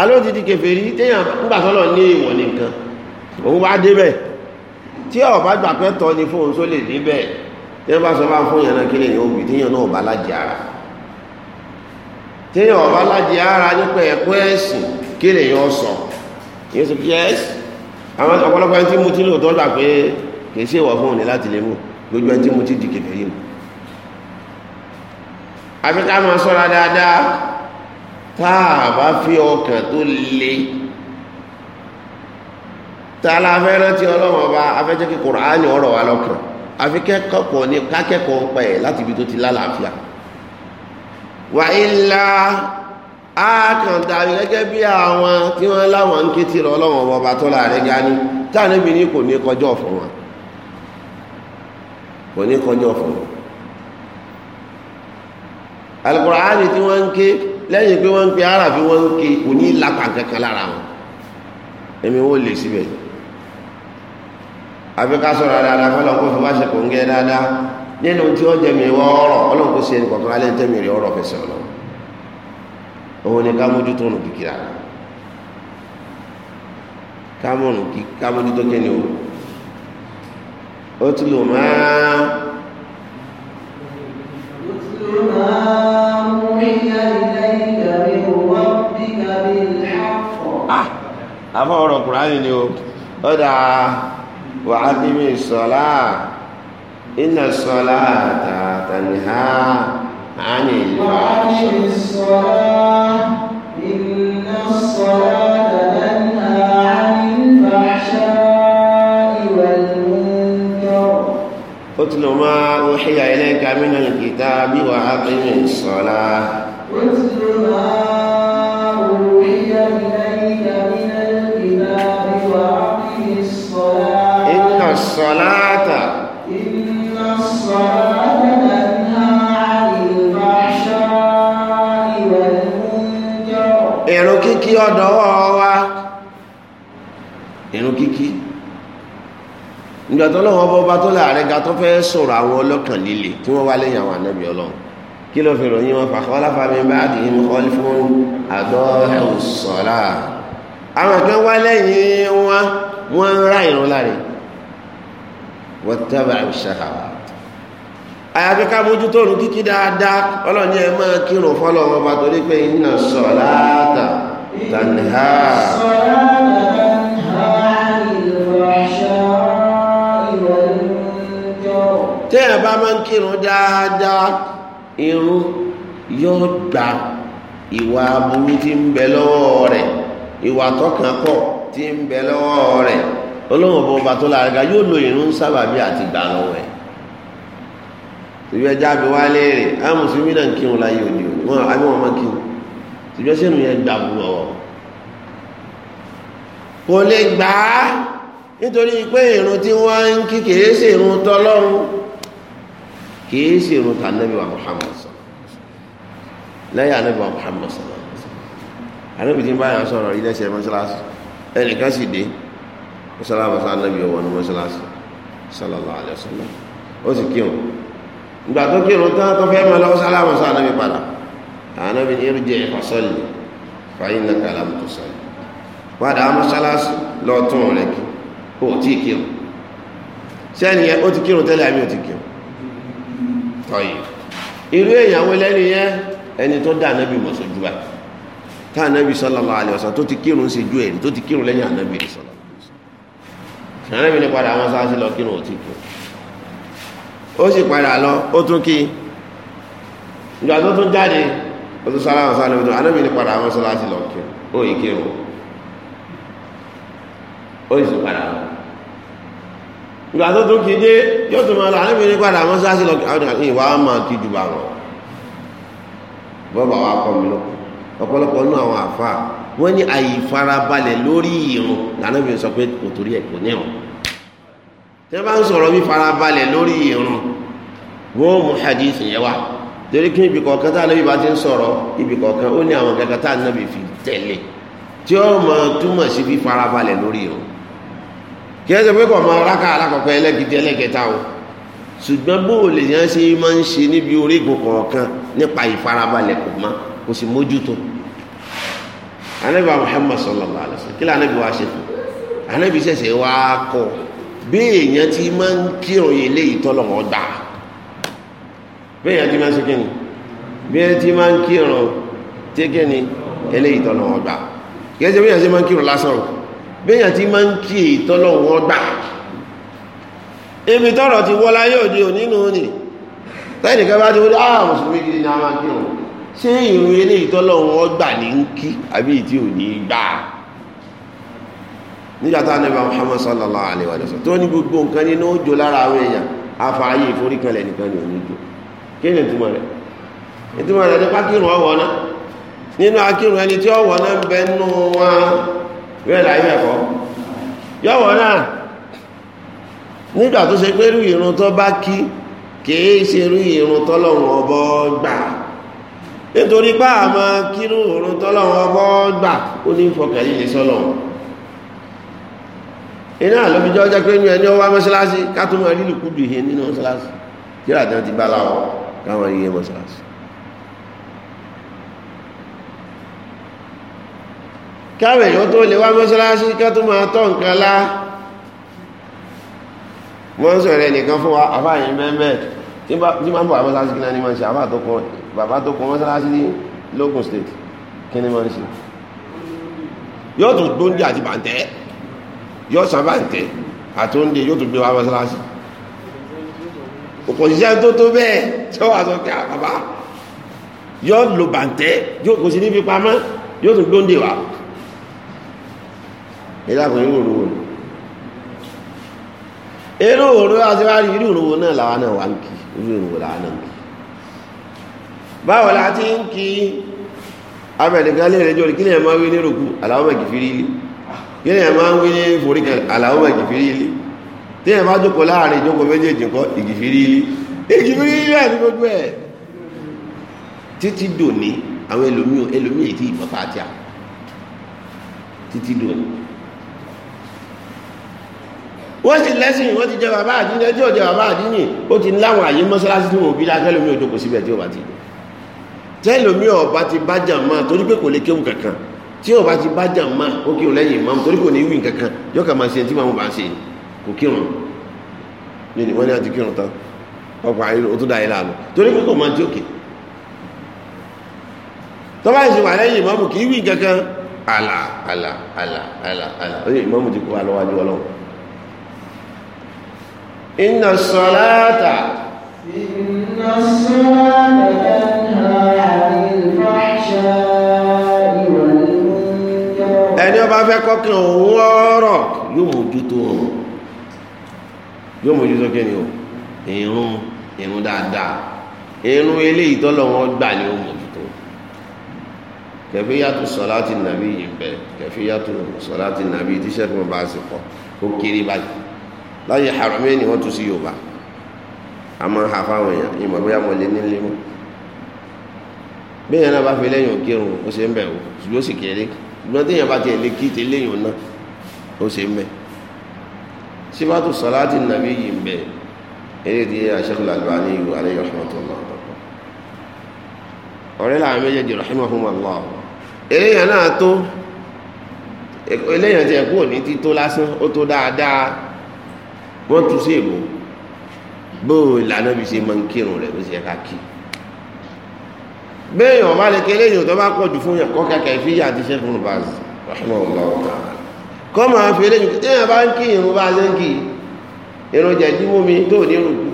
alóòtítí kèfèrí téèyàn ń gbà sọ́lọ̀ ní ìwọ̀n nìkan òun wá débẹ̀ tí ọ̀ bá gbà pẹ́ tọ́ ni fóun tó lè débẹ̀ tí wọ́n bá sọ bá fún yẹn náà kí lè yẹn òbí téèyàn náà bá lájẹ ara téèyàn ọ̀bá lájẹ ara nípa ẹ̀kọ́ ẹ̀sìn kí lè yẹn sọ yẹn sọ yes àwọn ọ̀pọ̀lọpọ̀ ẹni tí mo ti lò tó gbà pé kì í ṣe ìwọ̀ fún òní láti lè mú gbogbo ẹni tí mo ti dìkì bẹ̀rẹ̀ mu àfi máa sọ́ra dáadáa tá a bá fi ọkàn tó le tààlà afẹ́rẹ́ tí ba, ọba afẹ́jẹ́ kí kùránì ọ̀rọ̀ wa lọ́kàn àfi kẹ́kọ̀ọ́ ní kákẹ́kọ̀ọ́ ń pẹ̀ láti ibi tó ti lálàáfíà wà ilá ákàntàrí gẹ́gẹ́ bí àwọn tí wọ́n láwọn ń ké tìrọ ọlọ́run ọba tó láàrẹ́ gani táàníbi ní kò ní kọjọ́ fún wọn kò ní kọjọ́ fún wọn alukùránì tí wọ́n ń ké lẹ́yìn pé wọ́n ń pe ara fi ń ké kò ní lápá kankan lára wọn èmi wọ́n lè síbẹ̀ yìí àbí ká sọ̀rọ̀ dáadáa fọlọ́n kó fi wá ṣe kò ń gẹ́ dáadáa nínú tí ó jẹmìí wọ ọ̀rọ̀ ọlọ́run kó ẹnì kọ̀ọ̀kan alẹ́ fẹsẹ̀ òun ni ká mójútó nù kíkìrà ká kí ni o ó ti lò máa. Ah! àfọwọ́rọ̀ kùránì ni o وعقم الصلاة إن الصلاة تنهى عن الفحشاء إن الصلاة تنهى عن الفحشاء والمنكر أتل ما أوحي إليك من الكتاب وأقم الصلاة أتل sọ̀láàtà iná sọ̀láàtà náà àìbáṣá ìwẹ̀ oúnjẹ́ ẹ̀rùn kíkí ọ̀dọ̀wọ́ wa ẹ̀rùn kíkí ìgbàtọ́ lọ́wọ́ bọ́bá tó láàrẹ ga tó fẹ́ sọ̀rọ̀ àwọn ọlọ́kàn líle tí wọ́n wá lẹ́yìn àwọn ànábì ọlọ́run kí ló fi ròyìn wọn fàkọ́láfà mi bá dìí mú kọ́lí fún àgọ́ ẹ̀wù wọ́n tábà ìṣàhàwà àyàfi ká mójú tó rùn kíkí dáadáa ọlọ́ni ẹ máa kírun fọ́lọ́wọ́ bá torí pé iná sọ̀láàtà tàníhà tẹ́yà bá máa ń kírun dáadáa irun yóò gba ìwà aburú tí ń bẹ lọ́wọ́ rẹ̀ ìwà tọkànkọ̀ tí ń bẹ lọ́wọ́ rẹ̀ olóhùn ọ̀bọ̀ ọba tó lára yóò lo ìrún sábàbí àti ìgbà lọ́wọ́ ẹ̀ tìbí ẹja àbí wá léèrè àwọn mùsùlùmí náà ń kírun láyé òde òní wọn àbí wọn máa kírun tìbí ẹsẹ̀ nù yẹn gbà bú ọwọ́ kò lè gbà á nítorí pé ìrún tí wọ́n ń kí kìí ṣe ìrún tọ́lọ́run kìí ṣe ìrún tànẹ́bí wa Muhammad sọ lẹ́yìn ànẹ́bí wa Muhammad sọ ànẹ́bí tí ń bá yàn sọ̀rọ̀ ilé ẹsẹ̀ mọ́ṣáláṣí ẹnìkan sì dé mọ́sálàmù sálẹ́bí ọwọ́ ní mọ́sálásí sallallahu alaihi wasallam ó sì kírun ìgbà tó kírun tán tó fẹ́ mọ́ lọ́wọ́ sálàmù sálẹ́bí padà ànábì ní irújẹ ìfàsọ́lì fàyín náà kàlà mọ́tò sọ́lì padà mọ́sálásí lọ́tún rẹ̀ kí ó tí kírun sẹ́ni yẹn ó ti kírun tẹ́lẹ̀ àmì ó ti kírun tọ́yì irú èèyàn wọlé ni yẹn ẹni tó dá ànábì mọ̀ sójú wa tá ànábì sallallahu alaihi wasallam tó ti kírun si ju ẹ̀rí tó ti kírun lẹ́yìn ànábì sallallahu ẹ̀rẹ́ mi ní padà àwọn sáà sí lọ kírun òtí kù ó sì padà lọ ó tún kí ìjọ tó tún jáde ó tún sára àwọn sáà lọ kírun anábì ní padà àwọn sáà sí lọ kírun ó yìí kírun ó sì padà lọ ìgbà tó tún kí dé yóò tún máa lọ anábì ní padà àwọn sáà sí lọ kírun àwọn ìwà máa kí ju bá wọn bọ́ọ̀bà wa kọ́ mi lọ́kùn ọ̀pọ̀lọpọ̀ nú àwọn àfa wọ́n ní àyè ìfarabalẹ̀ lórí ìrùn lànà bí sọ pé kò torí ẹ̀ kò ní ẹ̀wọ̀n tí wọ́n bá ń sọ̀rọ̀ bí farabalẹ̀ lórí ìrun wọ́n mú hadith yẹn wá torí kí ibì kọ̀ọ̀kan tá ànábì bá ti ń sọ̀rọ̀ ibì kọ̀ọ̀kan ó ní àwọn kankan tá ànábì fi tẹ̀lé tí ó mọ̀ túmọ̀ sí fi farabalẹ̀ lórí ìrun kí ẹ sọ pé kò mọ rákà alákọ̀ọ́kọ́ ẹlẹ́gidi ẹlẹ́gẹta o ṣùgbọ́n bó o lè yẹn ṣe máa ń ṣe níbi orígun kọ̀ọ̀kan nípa ìfarabalẹ̀ kò mọ́ kò sì mójútó ànábì wa Muhammad sallallahu alaihi wasallam kí lè ànábì wa ṣe fún ànábì ṣẹ̀ṣẹ̀ wá kọ́ bí èèyàn ti máa ń kírun eléyìí tọ́lọ̀ wọn gbà bí èèyàn ti máa ń ṣe kíni bí èèyàn ti máa ń kírun tí kíni eléyìí tọ́lọ̀ wọn gbà kí ẹsẹ̀ bí èèyàn ti máa ń kírun lásán bí èèyàn ti máa ń kí èyí gbà ibi tọ́rọ̀ ti wọ́lá yóò di onínú ni lẹ́yìn kan bá ti wọ́n ah mùsùlùmí gidi ni a máa kírun ṣé ìrun eléyìí tọ́lọ̀ gbà ní ń kí àbí ìtì ò gbà nígbàtà nígbà Muhammad sallallahu alaihi wa sallam tó ní gbogbo nǹkan nínú òjò lára àwọn èèyàn afààyè ìforíkanlẹ̀ nìkan ni òní jò kí ni ìtumọ̀ rẹ̀ ìtumọ̀ rẹ̀ nípa kírun ọwọ́ náà nínú akírun ẹni tí ọwọ́ náà ń bẹ nínú wọn bẹ́ẹ̀ láyé ẹ̀kọ́ yọ̀wọ́ náà nígbà tó ṣe pé irú ìrun tó bá kí kìí ṣe irú ìrun tọ́lọ́run ọbọ gbà nítorí bá àmọ́ kírun ìrun tọ́lọ́run ọbọ gbà ó ní fọkàlì lè sọ́lọ́run iná àlọ́bíjọ́ jẹ́ pé inú ẹni ọwá mọ́ṣáláṣí kátó mọ́ lílù kúdù ìhe nínú mọ́ṣáláṣí jíra tán ti bá láwọ̀ káwọn iye mọ́ṣáláṣí káwọn èèyàn tó lè wá mọ́ṣáláṣí kátó mọ́ tọ́ nǹkan lá wọ́n sọ̀rọ̀ ẹnìkan fún wa àfáàyìn mẹ́mẹ́ tí máa ń bọ̀ mọ́ṣáláṣí kí ní máa ń State kí ní máa ń ṣe yóò sábà ń tẹ àti oúnjẹ yóò tún gbé wa mọ́sálásí òkò ṣiṣẹ́ tó tó bẹ́ẹ̀ tí wọ́n wá sọ pé àbàbà ah, yóò lo bàǹtẹ́ yóò kò sí ní fipá mọ́ yóò tún gbóǹde wa ìlà kò ní wòlò wòlò òru àti wá rí irú òru náà làwa náà wà ń kí irú òru làwa náà ń kí báwo la ti ń kí abẹ̀nìkan lè rẹjọ́ kí lè máa wí ní rògbò àlàó mẹ́kì fi rí ilé yìí ni ẹ̀ máa ń wí ní forí kan àlàó ìgìfìrí ilé tí ẹ̀ bá jókòó láàrin ìjókòó méjèèjì kọ́ ìgìfìrí ilé ìgìfìrí ilé àti gbogbo ẹ̀ títí dòní àwọn ẹlòmíì ẹlòmíì èyí tí ìbọn fàájà títí dòní wọ́n ti lẹ́sìn wọ́n ti jẹ bàbá àdínì ẹjọ́ jẹ bàbá àdínì ó ti láwọn àyè mọ́sálásí tí wọ́n bí dá tẹ́lómi òjòkó síbẹ̀ tí ó bá ti tẹ́lómi ọ̀bá ti bá jà máa torí pé kò lè kéwù kankan tí o bá ti bá jà máa ó kírun lẹ́yìn ìmọ̀ torí kò ní wí kankan yóò kà máa ṣe tí màmú bá ṣe kò kírun ní ni wọ́n ní àti kírun tán ọkọ̀ ayé o tún dá yé láàánú torí pé kò máa ti òkè tó bá ṣe wà lẹ́yìn ìmọ̀ kì í wí kankan àlà àlà àlà àlà àlà ó yẹ ìmọ̀ ti kó wa lọ́wọ́ adúlọ́ lọ́wọ́. inna salata. inna salata tanha anil fahsha ẹni ọba fẹ́ kọ́kàn òun ọ̀rọ̀ yóò mójútó òun yóò mójútó kíni o ìrun ìrun dáadáa ìrun eléyìí tọ́lọ̀ wọn gbà ni ó mójútó kẹfíyàtò sọláàtì nàbí yìí bẹ kẹfíyàtò sọláàtì nàbí tíṣẹ́ tí wọ́n bá sì kọ́ ó kéré báyìí láyé haramẹ́ ni wọ́n tún sí Yorùbá a máa èèyàn ìmọ̀ bóyá mo lè nílé mọ́ bí èèyàn náà bá fi lẹ́yìn òkèrún ó ṣe ń bẹ̀rù yóò sì kéré ìgbọ́n téèyàn bá tiẹ̀ lè kí tẹ́lẹ̀yìn náà ó ṣe ń bẹ̀ síbátù sọláàtì nàbí yìí ń bẹ̀ eré di Sheikhul Albani ìlú alayhi rahmatullah ọ̀rẹ́ làwọn méjèèjì rahimahumullah eléyàn náà tó eléyàn tiẹ̀ kú òní tító lásán ó tó dáadáa wọ́n tún sí èbó bó ìlànà bí ṣe máa ń kírun rẹ̀ bó ṣe yẹ ká kí i bẹ́ẹ̀ yàn bá lè kẹ́lẹ́ yàn tó bá pọ̀ jù fún yàn kọ́ kẹ́kẹ́ fi yà ti ṣe fún baz kọ́ máa fi eléyìn tí yàn bá ń kí irun bá ṣe ń kí irun jẹ̀ jíwó mi tó ní rùkú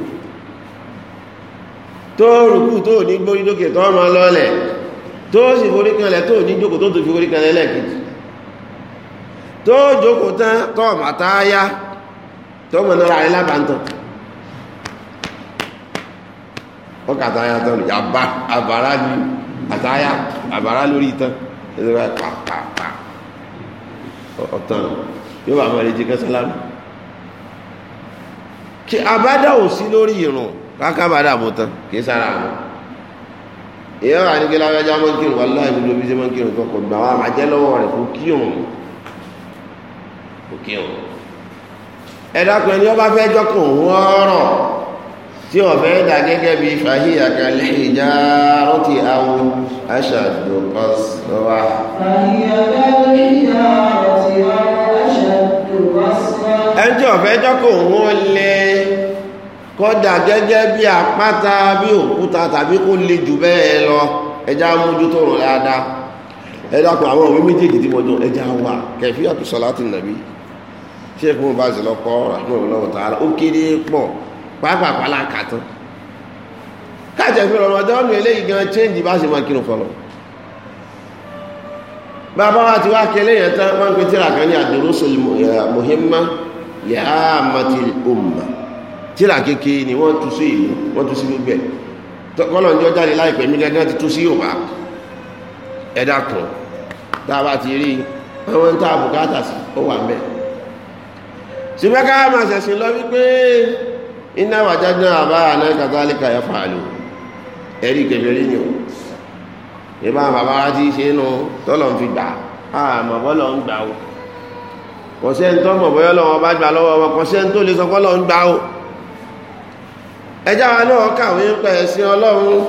tó rùkú tó ní gbóyí lókè tó máa lọ́lẹ̀ tó sì forí kanlẹ̀ tó ní jókòó tó tó fi forí kanlẹ̀ lẹ́ẹ̀kejì tó jókòó tán tó màtáyá tó mọ̀ nára ẹ̀ lábàntàn ó kà táyà tán lò yàbá àbàrá ni àtáyà àbàrá lórí tán ẹsẹ̀ bá pa pa pa ọ̀tàn yóò bá máa lè jẹ́ kẹsàlámù kí abádà ò sí lórí ìrùn kákábàdà mú tán kì í sára mú èèyàn wà ní kí lábẹ́já mọ́ kírun wà láì gbogbo bí ṣe mọ́ kírun tó kọ̀ gbà wá àjẹ́ lọ́wọ́ rẹ̀ kó kírun kó kírun ẹ̀dá kan ẹni ọba fẹ́ jọ́kàn wọ́ọ́rọ̀ tí wọ́n fẹ́ dà gẹ́gẹ́ bí fàhíyà kalẹ̀ ìjà rọ́tì àwọn aṣàdù kọ́sọ́wà. ẹjọ́ ọ̀fẹ́ jọ́kọ̀ wọ́n lè kọ́dà gẹ́gẹ́ bí àpáta bí òkúta tàbí kó lè jù bẹ́ẹ̀ lọ ẹjá mójútó rọ̀ dáadáa ẹ̀dàkùn àwọn òwe méjèèjì tí mọ̀jọ́ ẹja wà kẹfí àtúnṣọ́lá ti nàbí ṣé fún bá ṣe lọ́kọ́ ọ̀rọ̀ àkúrò lọ́wọ́ tààrà ó kéré pọ̀ pàápàá pàlà ń kà tán káàtì ẹ̀fẹ́ Ramadan ọ̀nà eléyìí gan change bá ṣe máa kírun fọlọ́ bàbá wa ti wá kẹlẹ́ yẹn tán wọ́n ń tíra kan ní ad-durusul muhimma li ammatil umma tíra kékeré ni wọ́n tú sí ìlú wọ́n tú sí gbogbo ẹ̀ kọ́lọ̀ ní ọjà ní láìpẹ́ mi gángan ti tú sí yorùbá ẹ̀dá kan tá a bá ti rí àwọn tá a bùkátà sí ó wà mẹ́. ká máa ṣẹ̀sìn lọ wípé iná wàjájá àbá àná kàtàlíkà ya fàálù ẹ̀rí kẹfẹ́rí ni ó ìbá bàbá ti ṣe nù tọ́lọ̀ ń fi gbà àmọ́ bọ́lọ̀ ń gbà ó kò sẹ́ ń tọ́ mọ̀ bọ́yọ́ lọ́wọ́ bá gbà lọ́wọ́ wọn kò sẹ́ ń tó lè sọ ń gbà ó ẹjá wa náà kàwé ń pẹ̀ sí ọlọ́run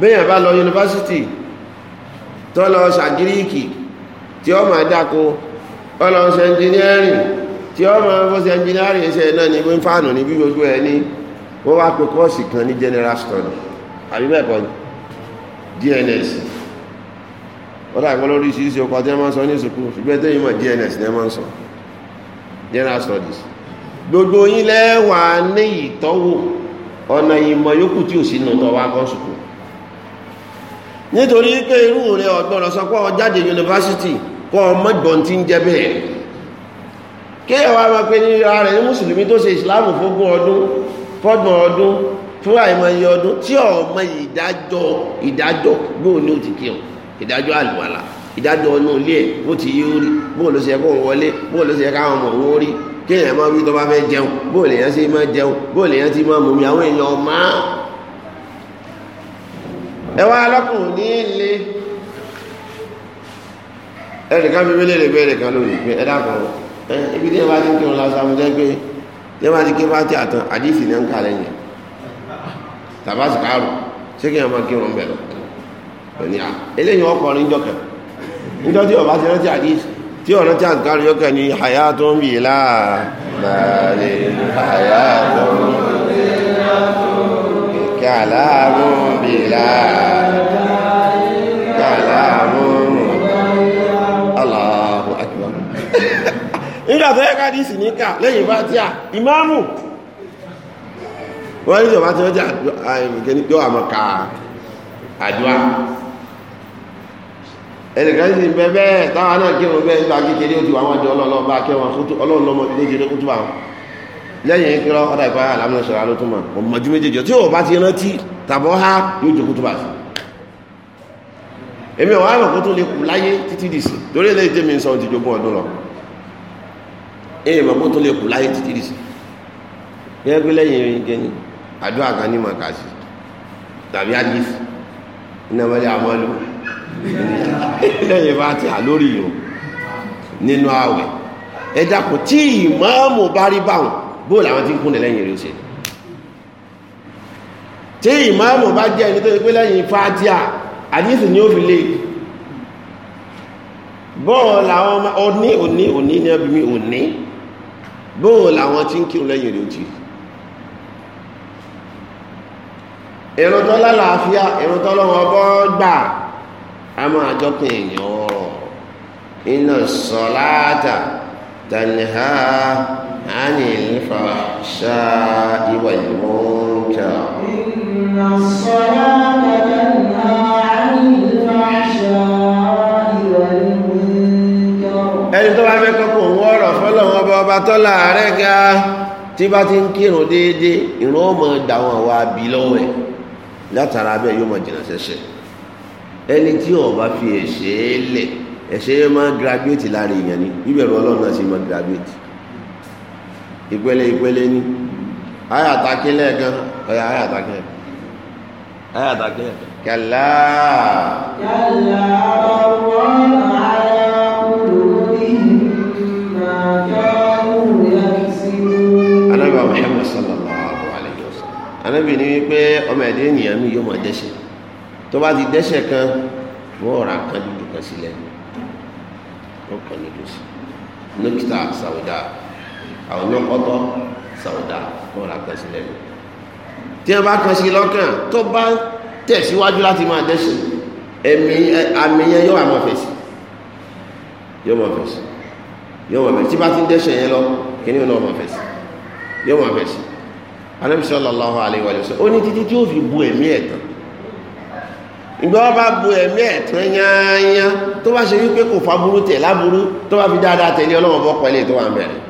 béèyàn bá lọ yunifásitì tọ́lọ ṣàgíríkì tí ó máa dáko ọlọ́run ṣe ẹnjìnírìn tí ọmọ fọ́sí ẹnjìnírì iṣẹ́ náà ní wọ́n fàánù ní bí gbogbo ẹ̀ wọ́n wá pé kan ní general study àbí mẹ́kọ̀ọ́ DNS wọ́n dà kọ́ lórí ìṣiríṣi ọkọ̀ tí wọ́n máa ń sọ ní ìsìnkú DNS ni wọ́n máa ń sọ general studies gbogbo yín ní ìtọ́wò ọ̀nà ìmọ̀ yókù tí ò sí nù tọ́ wá nítorí pé irú ọ jáde yunifásitì kọ́ ti kéèyàn wá máa pé ní ara rẹ̀ ní mùsùlùmí tó ṣe ìsìláàmù fógún ọdún fọ́gbọ̀n ọdún fún àìmọye ọdún tí ọmọ ìdájọ́ ìdájọ́ gbóò ní òtì kí ọ ìdájọ́ àlùwàlà ìdájọ́ ọnù ilé ẹ̀ bó ti yíó rí bó ló ṣe kó ń wọlé bó ló ṣe káwọn ọmọ òun rí kéèyàn máa wí tó bá fẹ́ jẹun bó lèèyàn ṣe máa jẹun bó lèèyàn ti máa mumi àwọn èèyàn ọmọ ẹ wá lọ́kùnrin ní ilé ẹnìkan fi mí lè lè bẹ́ẹ̀ nìkan lónìí pé ẹ dákun ibi tí ẹ bá ti ń kírun lásán mo jẹ́ pé tí ẹ bá ti ké bá ti àtàn àdìsí náà ń kà lẹ́yìn tàbá sì kárò ṣé kí ẹ máa kírun bẹ̀ lọ òní à eléyìí ọkọ̀ ní jọkẹ níjọ tí ọba ti rántí àdìsí tí ọ̀nà tí àkàrò yọkẹ ni àyà tó ń bì láà bàálẹ̀ àyà tó ń bì láà kàlámù bì láà. nígbà tó yẹ káàdì sì ní kà lẹ́yìn bá tí a ìmáàmù wọ́n ní ìjọba tí wọ́n jẹ́ àìmìkẹ́ ní pé àmọ́ ka àdúrà ẹnìkan sì bẹ bẹ́ẹ̀ táwa náà kírun bẹ́ẹ̀ nígbà kékeré ojú àwọn àjọ ọlọ́ọ̀lọ́ bá kí wọn ọlọ́run lọ́mọ tó kékeré kútu àwọn lẹ́yìn kírọ́ ọ̀dà ìpá àlámọ̀ sọ̀rọ̀ àlọ́ tó mọ̀ ọmọdé méjèèjì tí ò bá ti rántí tàbọ̀ ha yóò jẹ́ kútu bàtà èmi ọ̀ wá mọ̀ kó tó lè kú láyé títí dìsì torí ilé ìjẹ́mi sọ ti jogún ọdún lọ ee mọ̀kó tó lè kù láyé títí dì sí yẹ pé lẹ́yìn ìrìn gẹ́ni àdúrà kan ní màkà sí tàbí àdìs iná mọ́lẹ́ àmọ́lú lẹ́yìn bá ti hà lórí yòó nínú ààwẹ̀ ẹ dákun tí ìmáàmù bá rí báwọn bó làwọn ti ń kúnlẹ̀ lẹ́yìn ìrìn òṣèlú tí ìmáàmù bá jẹ́ ẹni tó ti pé lẹ́yìn fàtíà àdìs ni ó fi lé bọ́ọ̀ làwọn ọmọ òní òní òní ní ẹbí mi òní bóò làwọn tí ń kírun lẹ́yìn rẹ̀ ó ti ìrun tó lálàáfíà ìrun tó lọ́wọ́ bọ́ gbà á máa jọ́pin èèyàn ọ̀rọ̀ iná sọ̀láàtà tàníhà ánìlífà ṣáà ìwà ìmọ̀ọ́. ọba tọ́lá ààrẹ ga tí bá ti ń kírun déédéé ìrun ọmọ mọ dà wọn àwa bí lọ́wọ́ ẹ̀ látara bẹ́ẹ̀ yóò mọ̀ jìnnà ṣẹ̀ṣẹ̀ ẹni tí ọba fi ẹ̀ṣẹ̀ lẹ̀ ẹ̀ṣẹ̀ máa graduate lára èèyàn ni bíbẹ̀rù ọlọ́run náà sì máa graduate ìpele ìpele ni ayé àtàkì lẹ́ẹ̀kan ọ̀yà ayé lẹ́ẹ̀kan lẹ́ẹ̀kan kẹlẹ́ kẹlẹ́ àwọn ọ̀rọ̀ anábì ní wípé ọmọ ẹ̀dẹ́ ènìyàn mi yóò mọ̀ dẹ́ṣẹ̀ tó bá ti dẹ́ṣẹ̀ kan wọ́n rà kan dúdú kan sílẹ̀ wọ́n kàn ní lọ́sí nọ́kítà sàwùdà àwọn ọkọ̀tọ̀ sàwùdà wọ́n rà kan sílẹ̀ tí wọ́n bá kan sí lọ́kàn tó bá tẹ̀síwájú láti máa dẹ́ṣẹ̀ ẹ̀mí àmì yẹn yóò àmọ́ fèsì yóò mọ̀ fèsì yóò mọ̀ fèsì tí bá ti dẹ́ṣẹ̀ yẹn lọ kí ni yóò náà mọ̀ fèsì yóò mọ̀ fèsì Ànábì sallallahu alaihi wa sallam ó ní títí tí ó fi bu ẹ̀mí ẹ̀ tán ìgbà wọn bá bu ẹ̀mí ẹ̀ tán yányá tó bá ṣe wípé kò faburú tẹ̀ láburú tó bá fi dáadáa tẹ̀lé ọlọ́wọ́ bọ́ pẹ̀lẹ́ tó wà mẹ́rin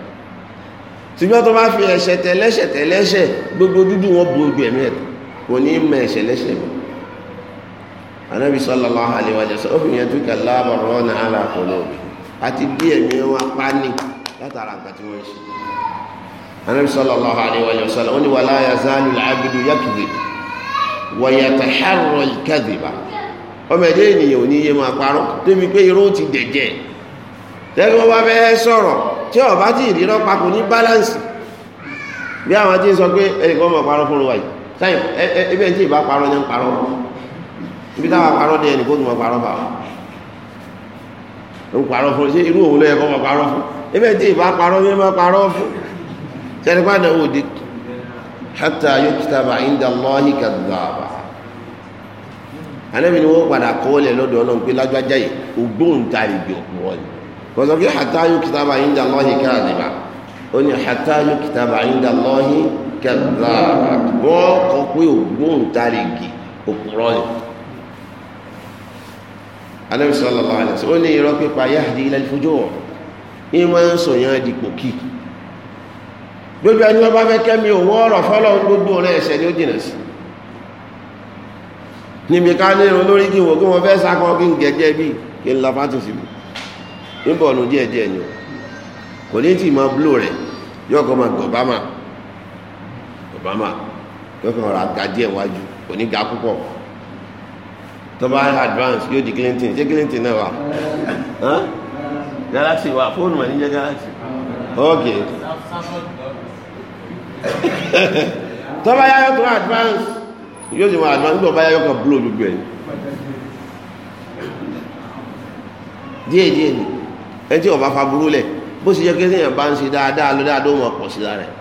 ṣùgbọ́n tó bá fi ẹ̀ṣẹ̀ tẹ̀ lẹ́ṣẹ̀ tẹ̀ lẹ́ṣẹ̀ gbogbo dúdú wọn bu ojú ẹ̀mí ẹ̀ tán kò ní mọ ẹ̀ṣẹ̀ lẹ́ṣẹ̀ mọ́ Ànábì sallallahu ó fi yẹn anabi sallallahu alayhi wa sallam wani wala ya zalu al'abidu yakdhib wa yataharra al-kadhiba ọmọ ẹ̀dẹ́ ènìyàn ò ní yé máa parọ́ débi pé irọ́ ti dẹ̀jẹ̀ tẹ́bí wọ́n bá fẹ́ sọ̀rọ̀ tí ó bá ti ìrírọ́ papọ̀ ní báláǹsì bí àwọn tí ń sọ pé ẹnìkan máa parọ́ fún wa yìí sáyìn ẹbí ẹni tí ìbá parọ́ ní ń parọ́ ibi táwa parọ́ ní ẹnìkan tó máa parọ́ fà ń parọ́ fún ṣé irú òun ló yẹ kó máa parọ́ fún ẹbí ẹni tí ìbá parọ́ ní máa parọ́ sẹ́nipá náà ó di hátà yókítàbà ìndà lọ́hì kàdùbà anábì ni wọ́n padà kọ́ọ́lẹ̀ lọ́dọ̀ ọlọ́run pé lágbájá yìí ògbóǹtarìgì òpùrọ́ ni kọ́sọ́ pé hátà yókítàbà ìndà lọ́hì kàdùbà ó ní hátà yókítàbà ìndà lọ́hì kàdùbà wọ́n kọ́ pé ògbóǹtarìgì òpùrọ́ ni anábì sallallahu alaihi wasallam ó ní irọ́ pípa yahdi ila al-fujur ìmọ̀ ń sọ̀yàn dìpọ̀ kíkì lójú ẹni wọ́n bá fẹ́ kẹ́mi òun ọ̀rọ̀ fọ́lọ́run gbogbo rẹ̀ ẹ̀ṣẹ̀ ni ó jìnà sí níbi ká ní irun lórí kí wọ́n kí wọ́n fẹ́ sákan kí n gẹ̀gẹ́ bí kí n la fátì sí mi níbọ̀ ọ̀nù díẹ̀ díẹ̀ ni kò ní tì máa búlò rẹ̀ yóò kọ́ máa gọ̀bámà gọ̀bámà yóò kọ́ ra ga díẹ̀ wájú kò ní ga púpọ̀ tó bá advance yóò di Clinton ṣé Clinton náà wà Galaxy wà fóònù mà ní Galaxy ok tó bá yá yọkàn advance yóò sì mọ advance tó bá yá yọkàn blow gbogbo ẹ̀ díẹ̀ díẹ̀ ni ẹni tí ọba fa burú lẹ̀ bó ṣe yẹ kí èèyàn bá ń ṣe dáadáa lọ dáadáa ó mọ pọ̀ sí lára ẹ̀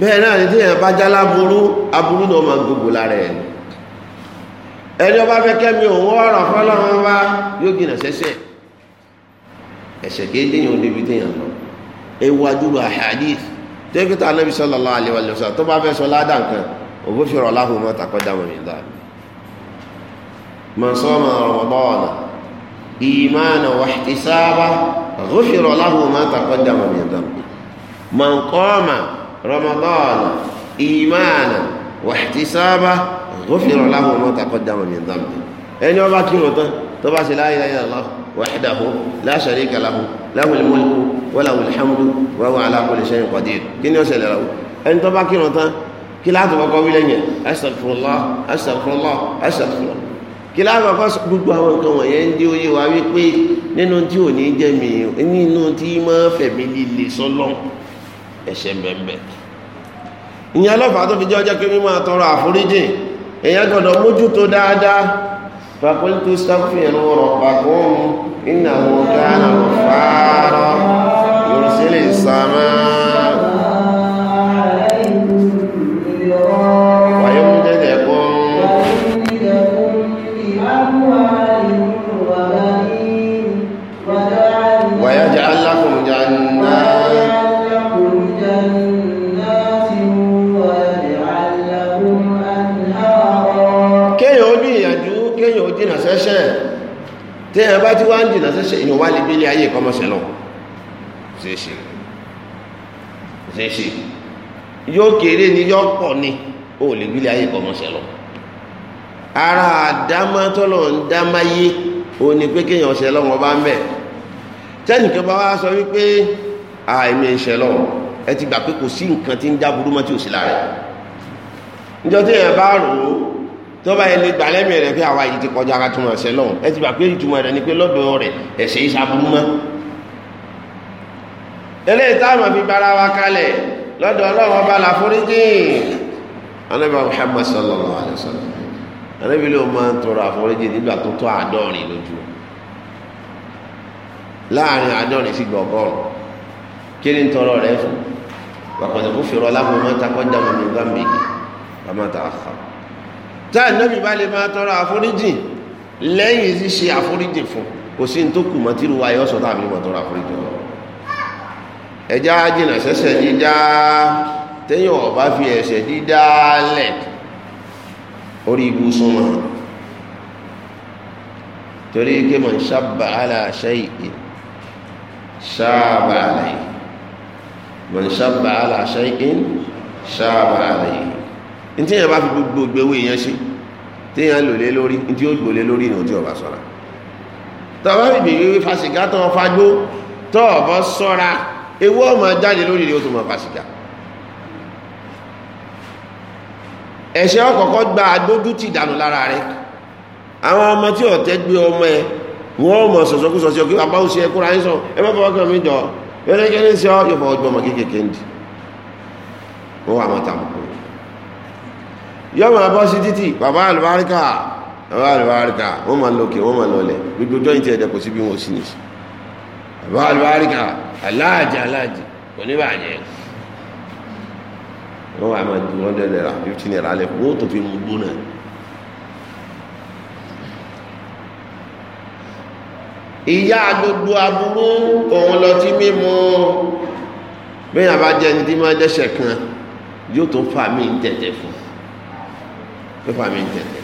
bẹ́ẹ̀ náà ni tí èèyàn bá jálá burú aburú náà máa ń gbogbo lára ẹ̀ ẹni ọba fẹ́ kẹ́mi òun ọ̀rọ̀ fọlọ́run wá yóò gìnà sẹ́sẹ̀ ẹ̀sẹ̀ kéde yẹn ó débi téèyàn lọ ewu adúlọ ahadith dókítà anabi sallallahu alaihi wasallam tó bá fẹ́ sọ ládàá nǹkan òbófinrọ láhùn mọ tàkọjá wọn yìí dáa mọsọmọ Ramadana ìmánà wàhísábà òbófinrọ láhùn mọ tàkọjá wọn yìí dáa mọkọọmà Ramadana ìmánà wàhísábà òbófinrọ láhùn mọ tàkọjá wọn yìí dáa ẹni ọba kírun tán tó bá ṣe la ilaha illallah. وحده لا شريك له له الملك وله الحمد وهو على كل شيء قدير kí ni ó ṣẹlẹ̀ lọ ẹni tó bá kírun tán kí láti kọ́kọ́ wí lẹ́yìn astaghfirullah astaghfirullah astaghfirullah kí láti kọ́kọ́ gbogbo àwọn nǹkan wọ̀nyẹn ń dí oyé wa wípé nínú tí ò ní jẹ́ mi nínú tí máa fẹ̀mí líle sọ́lọ́ ẹ̀ṣẹ̀ bẹ̀m̀bẹ̀ ìyẹn lọ́fàá tó fi jẹ́ ọjọ́ kí mímọ́ àtọrọ àforíjì èèyàn gbọ́dọ̀ mójútó dáadáa فقلت استغفروا ربكم إنه كان غفارا يرسل السماء téèyàn bá ti wá ń jìnnà sẹ́sẹ̀ èèyàn wá lè gbé ilé ayé lọ ṣeéṣe ṣeéṣe yóò kéré ni yóò pọ̀ ni ó lè gbé ilé ayé ìkọ́mọ̀sẹ̀ lọ ara àdámá tọ́lọ̀ ń ní pé kéèyàn ṣe lọ́wọ́ bá ń bẹ̀ tẹ́nìkan bá wá tó bá yẹ lè gbà lẹ́mí rẹ̀ pé àwa yìí ti kọjá ara túmọ̀ ẹ̀sẹ̀ lọ́hùn ẹ ti gbà pé ìtumọ̀ rẹ̀ ni pé lọ́dọ̀ rẹ̀ ẹ̀sẹ̀ yìí sábúrú mọ́. eléyìí táwọn fi bára wa kalẹ̀ lọ́dọ̀ ọlọ́run ọba la foríjì anábì Muhammad sallallahu alayhi wa sallam anábì ló máa ń tọrọ àforíjì nígbà tó tó àádọ́rin lójú láàrin àádọ́rin sí gbọ̀ngàn kí tọrọ rẹ fún wàkọ̀dẹ̀ fún fèrè ọlámọ́ mọ́ta kọjá mọ́ mi gbàmbé yìí wàmọ́ta àkàrà tá ànábì bá lè máa tọrọ àforíjì lẹ́yìn tí ṣe àforíjì fún kò sí ní tó kù mọ́ tí ìlú wa yọ sọ tá àfi mọ̀ tọrọ àforíjì lọ ẹja jìnà sẹ́sẹ̀ dídá tẹ́yìn ọ̀bá fi ẹ̀sẹ̀ dídá lẹ̀ orí ibùsùn mọ́ torí kí mọ̀ ṣábà aláṣẹ́ ìpè ṣáàbà àlàyé mọ̀ ṣábà aláṣẹ́ ìpè ṣáàbà àlàyé ntí yẹn bá fi gbogbo gbẹwò èèyàn ṣe téèyàn lò lé lórí ntí yóò lò lórí ní ojú ọba sọra tọba bìbì wíwí fasigá tó ọfà gbó tó ọbọ sọra ewu ọmọ jáde lórí rẹ ó tó mọ fasigá ẹsẹ ọkọọkọ gba agbójú ti dànù lára rẹ àwọn ọmọ tí ọtẹ gbé ọmọ ẹ wọn mọ sọsọkúsọ sí ọkọ bàbá òsì ẹkú ra ẹsọ ẹ má fọwọ́ kàn mí jọ yọlẹ́kẹ́lẹ́ sí ọ yóò fọwọ́ gbọmọ kékeré ń di wọn wà mọ́ta mọ́ yọ́ máa bọ́ sí títì bàbá àlùbáríkà bàbá àlùbáríkà wọ́n máa lókè wọ́n máa lọlẹ̀ gbogbo jọ́ ìtì ẹ̀dẹ̀ kò sí bí wọ́n sí nìyí bàbá àlùbáríkà aláàjì aláàjì kò ní bàjẹ́ wọ́n wà máa ju hundred naira fifteen naira alẹ́ wọ́n tó fi mú gbóná. ìyá gbogbo aburú òun lọ tí mímu bẹ́ẹ̀ àbájẹ́ni tí máa jẹ́sẹ̀ kan yóò tó fà mí tẹ̀tẹ̀ fún un pípa mi tẹ̀tẹ̀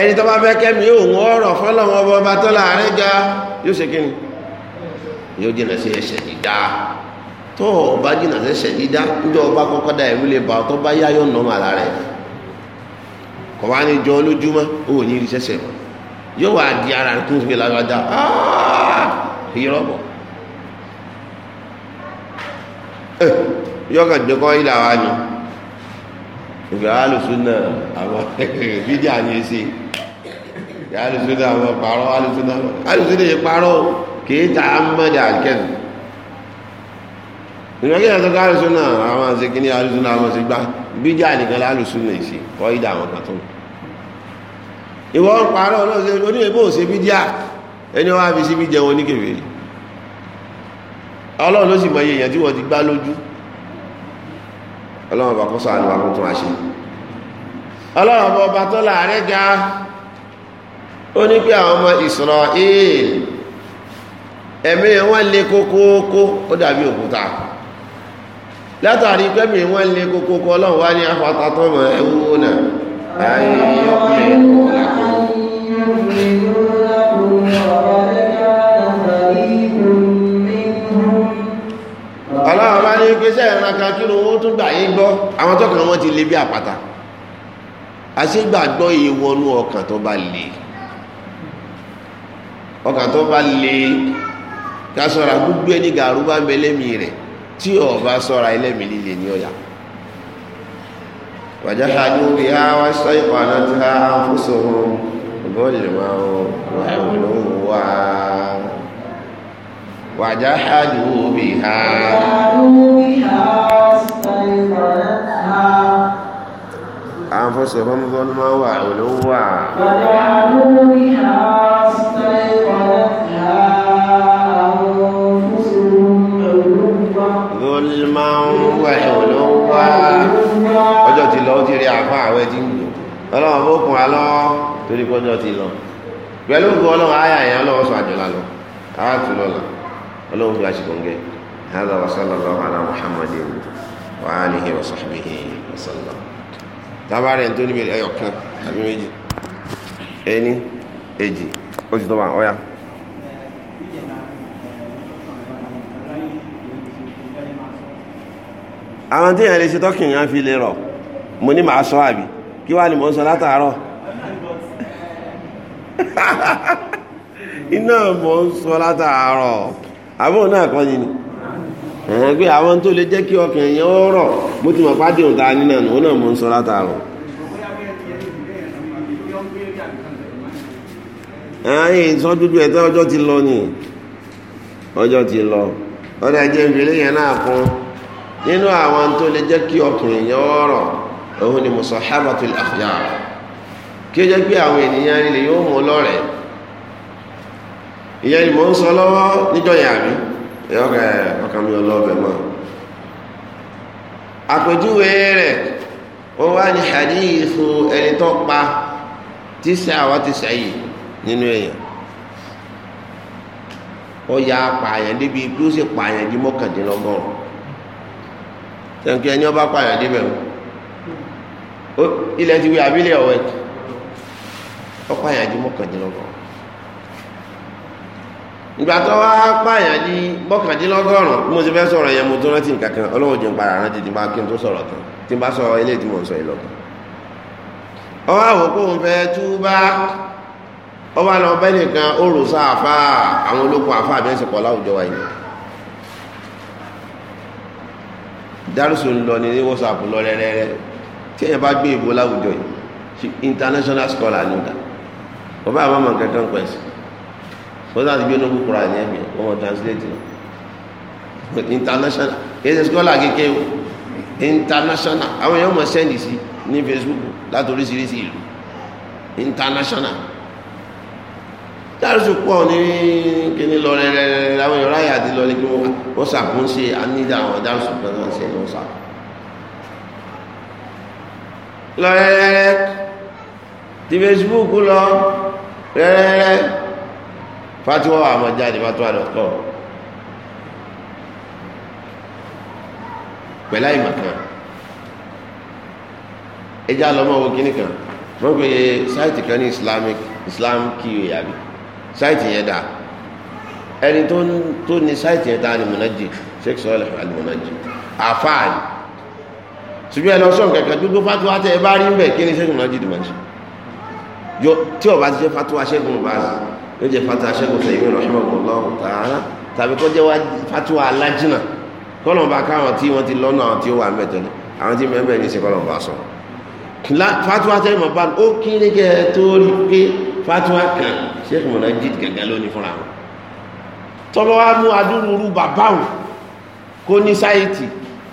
ẹni tó bá fẹ́ kẹ́mi òun ọ̀rọ̀ fọ́lọ́wọ́ ọba ọba tó láàrin ga yóò ṣe kí ni yóò jìnà sí ẹ̀ṣẹ̀ dídá tó o bá jìnà sí ẹ̀ṣẹ̀ dídá níjọ́ ọba kọ́kọ́ da ẹ̀rú lè bá ọ tó bá yá yóò nà ọmọ àlá rẹ̀ kọ̀ wá ní jọ lójúmọ́ ó ní rí sẹ́sẹ̀ mọ́ yóò wá di ara rẹ̀ kún fún mi lágbájá ìrọ̀bọ̀ yọ̀ọ̀kan gbẹ́kọ̀ ni ìgbà alùsùnà àwọn fídíà ni ẹ ṣe alùsùnà àwọn parọ́ alùsùnà alùsùnà yẹ parọ́ kìí ta amadi alikẹ́nu ìgbà kí ẹ̀ sọ́kọ́ alùsùnà àwọn àti kíní alùsùnà àwọn àti gbá bídíà nìkan lálùsùnà ìṣe kọ́ ìdá àwọn kan tó ń ìwọ ń parọ́ ọlọ́sẹ̀ oníyẹ̀bọ̀ òṣè bídíà ẹni wọ́n á fi síbi jẹun oníkèfèrè ọlọ́run ló sì mọ iye èèyàn tí wọ́n ti gbá lójú ọlọ́run ọba kọ́sọ̀ àlùwà kó tún àṣẹ ọlọ́run ọba tó láàrẹ́ ga ó ní pé àwọn ọmọ Israel ẹ̀mí wọn le kókóókó ó dàbí òkúta látàrí pẹ́mì wọn le kókóókó ọlọ́run wá ní afata ẹwú náà ayé ọkùnrin kò pèsè ẹran kan kí wọn tún gbà yín gbọ́ àwọn tọkàn wọn ti le bí àpáta àṣegbàgbọ́ yìí wọnú ọkàn tó bá le ọkàn tó bá le ká ṣọ́ra gbogbo ẹni gàrú bá ń bẹ lẹ́mìí rẹ̀ tí ó bá ṣọ́ra ẹlẹ́mìí líle ní ọ̀yà wàjáhadú bí a wá sọ ìpànà tí a ń fúsòrò bọ́ọ̀lù máa ń wà lóhùn wá. وجحدوا بها أنفسهم ظلما وعلوا وجحدوا بها استيقنتها أنفسهم ظلما وعلوا ọjọ́ ti lọ ó ti rí àfá àwẹ́ tí ń lò ọlọ́run fókùn alọ́ torí pọ́jọ́ ti lọ pẹ̀lú nǹkan ọlọ́run ayà ìyá ọlọ́run sọ àjọ̀lá lọ àátúlọ́lá ọlọ́run fi àṣìkò ń gẹ hàdà wa sallallahu ala muhammadin wa alihi wa sahbihi wa sallam tábàárẹ̀ ń tó níbi ẹyọ kan àbí méjì ẹni èjì ó ti tó wà àwọn tí ìyàn lè ṣe tọ́kì yàn fi lè rọ̀ mo ní màá sọ àbí kí wàá ní ń sọ [laughs] àbọ̀ náà kọ́ ni ni ẹ̀hẹ́n pé àwọn tó lè jẹ́ kí ọkàn yẹn ó rọ̀ ti mọ̀ pàdé òun ta ni náà òun náà ń sọ látàrọ̀. ẹ̀hìn sọ dúdú ti lọ ni ọjọ́ ti lọ ọ̀dà jẹ́ ìrìlẹ̀ yẹn náà fún nínú àwọn tó lè jẹ́ kí ọkàn yẹn ó rọ̀ òun ni kí ó jẹ́ pé àwọn ènìyàn ilẹ̀ yóò mú ìyẹn ni mò ń sọ lọ́wọ́ níjọyìn àbí ẹ̀yọ́kẹ́ ọkàn mi ọlọ́ọ̀bẹ̀ mọ́ àpèjúwe rẹ̀ wọ́n wá ní hadithu ẹni tó pa tí sẹ́ àwọn ti sẹ́yìn nínú èèyàn ó ya pààyàn débi bí ó sì pààyàn di mọ́kàndínlọ́gọ́rùn tẹ̀kẹ́ ẹni ọba pààyàn débẹ̀ ilẹ̀ ti wí àbílẹ̀ ọ̀wẹ́ ọ pààyàn di mọ́kàndínlọ́gọ́rùn ìgbà tó wá pààyàn ní mọ́kàndínlọ́gọ́rùn-ún mo ti fẹ́ sọ̀rọ̀ yẹn mo tó rántí nǹkan kan ọlọ́run jẹun para rántí tí n bá kí n tó sọ̀rọ̀ tán tí n bá sọ ilé tí mo ń sọ yìí lọ́kàn. ọwọ́ àwòkọ́ òun fẹ́ túbá ọba lọ bẹ́ nìkan ó rò sá àfá àwọn ológun àfá àbí ẹ̀sìn pọ̀ láwùjọ wa yìí. dárúsù ń lọ ní ní wọ́sàpù lọ rẹ́rẹ́rẹ́ tí èèyàn bá gbé ìbò láwùjọ yìí international scholar ní ọ̀dà ọba àwọn ọmọ nǹkan kan pẹ̀sì wọ́n sáà ti gbé nógún kura ní ẹ̀mí wọ́n mọ̀ translate lọ international kéde scholar kékeré o international àwọn èèyàn mọ̀ send sí ní Facebook láti oríṣiríṣi ìlú international dáàrúsù pọ̀ ní kíní lọ rẹ̀rẹ̀ láwọn èèyàn ráyà àti lọ ní kí wọ́n sàkún sí àníjà àwọn dáàrúsù pẹ̀lú àṣẹ lọ sàkún lọ rẹ̀rẹ̀ tí Facebook lọ rẹ̀rẹ̀ fatiwa wa máa jáde fatiwa dot com pẹ̀lú àyìnbá kan ẹjẹ́ àlọ́mọ owó kínní kan wọ́n pe sáìtì kan ní islamic islam kí o sáìtì yẹn dà ẹni tó tó ní sáìtì yẹn ta ni mọ̀nájì sheikh sọ́ọ̀lẹ̀ alimọ̀nájì àfáàní ṣùgbọ́n ẹ lọ sọ̀rọ̀ kẹ̀kẹ́ gbogbo fatiwa tẹ ẹ bá rí ń bẹ̀ kí ni sheikh mọ̀nájì dì máa ṣe tí ọba ti ṣe fatiwa sheikh mọ̀nájì yóò jẹ́ fatuwa sẹ́kùn sẹ́yìn rahimahullah ta'ala tàbí kó jẹ́ fatuwa alájìnà kọ́lọ̀mbà káwọn tí wọ́n ti lọ́nà àwọn tí ó wà mẹ́tọ́ ni àwọn tí mẹ́mẹ́ ní sí kọ́lọ̀mbà sọ fatuwa sẹ́yìn mọ̀bá ó kéré kẹ́ tó rí pé fatuwa kan sẹ́kùn mọ̀lá jì gàgà lónìí fúnra wọn tọ́lọ́ wa mú adúrúurú bàbá wọn kó ní sáyẹ̀tì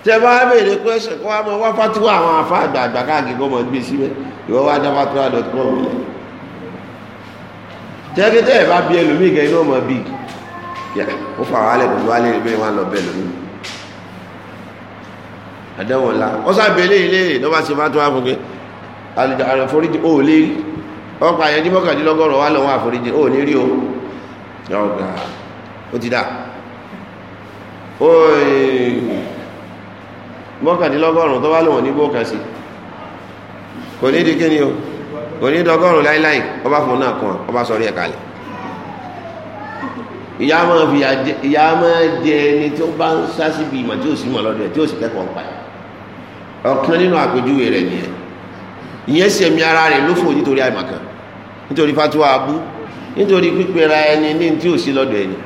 tẹ bá béèrè question kó wá mọ wá fatuwa àwọn àfa àgbààgbà káàkiri kó mọ gbé síbẹ̀ ìwọ wá dá fatuwa dot com yẹn tẹ́gbẹ́ tẹ́ bá bí ẹlùmí gan iná ọmọ bíi ó fà wá lẹ̀ alẹ́ ìgbẹ́ wa lọ bẹ́ẹ̀ lómi àdẹ́wọ̀n ó sábẹ́lẹ̀ ilé máa tó wá fún ó rí ọkọ̀ ní wà lọ́wọ́ ó rí o ọ̀gá ó ti dà ó mọ́kàndínlọ́gọ́rùn tó lọ́wọ́ ní sí kò ní di kí òní dọgọ́rùn láíláì ọba fún náà kan ọba sọrí ẹ̀ kalẹ̀ ìyá máa fi ìyá máa jẹ ẹni tí bá ń sá síbi ìmọ̀ tí ó sì mọ̀ lọ́dọ̀ ẹ̀ tí ó sì kẹ́kọ̀ọ́ pa ẹ̀ ọ̀kan nínú àpèjúwe rẹ̀ nìyẹn ìyẹn ara rẹ̀ ló fò nítorí àìmọ̀kan nítorí fatuwa abú nítorí pípera ẹni ní tí ò sí lọ́dọ̀ ẹni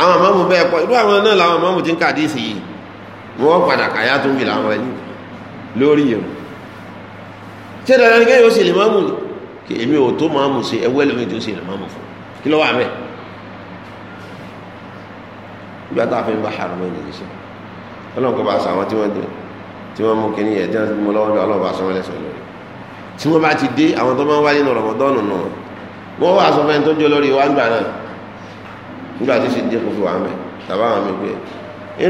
àwọn àmọ́mù bẹ́ẹ̀ pọ̀ irú àwọn náà làwọn àmọ́mù ti ń kàdíìsì yìí wọ́n padà kàyà tó ń bì ẹni lórí ṣé dandan ni kéèyàn ó ṣe lè máàmù ni kí èmi ò tó máàmù ṣe ẹwọ́ ẹlòmíì tó ṣe lè máàmù fún kí lọ́wọ́ àbẹ́ ìgbà tá a fi ń bá àrùn mẹ́rin lè ṣe ọlọ́run kọ́ bá aṣọ àwọn tí wọ́n dé tí wọ́n mú kíní yẹn tí wọ́n mú lọ́wọ́ bí ọlọ́run bá aṣọ wọn lẹ́sọ̀ lórí tí wọ́n bá ti dé àwọn tó máa ń wáyé nọ̀rọ̀ mọ́dọ́nù náà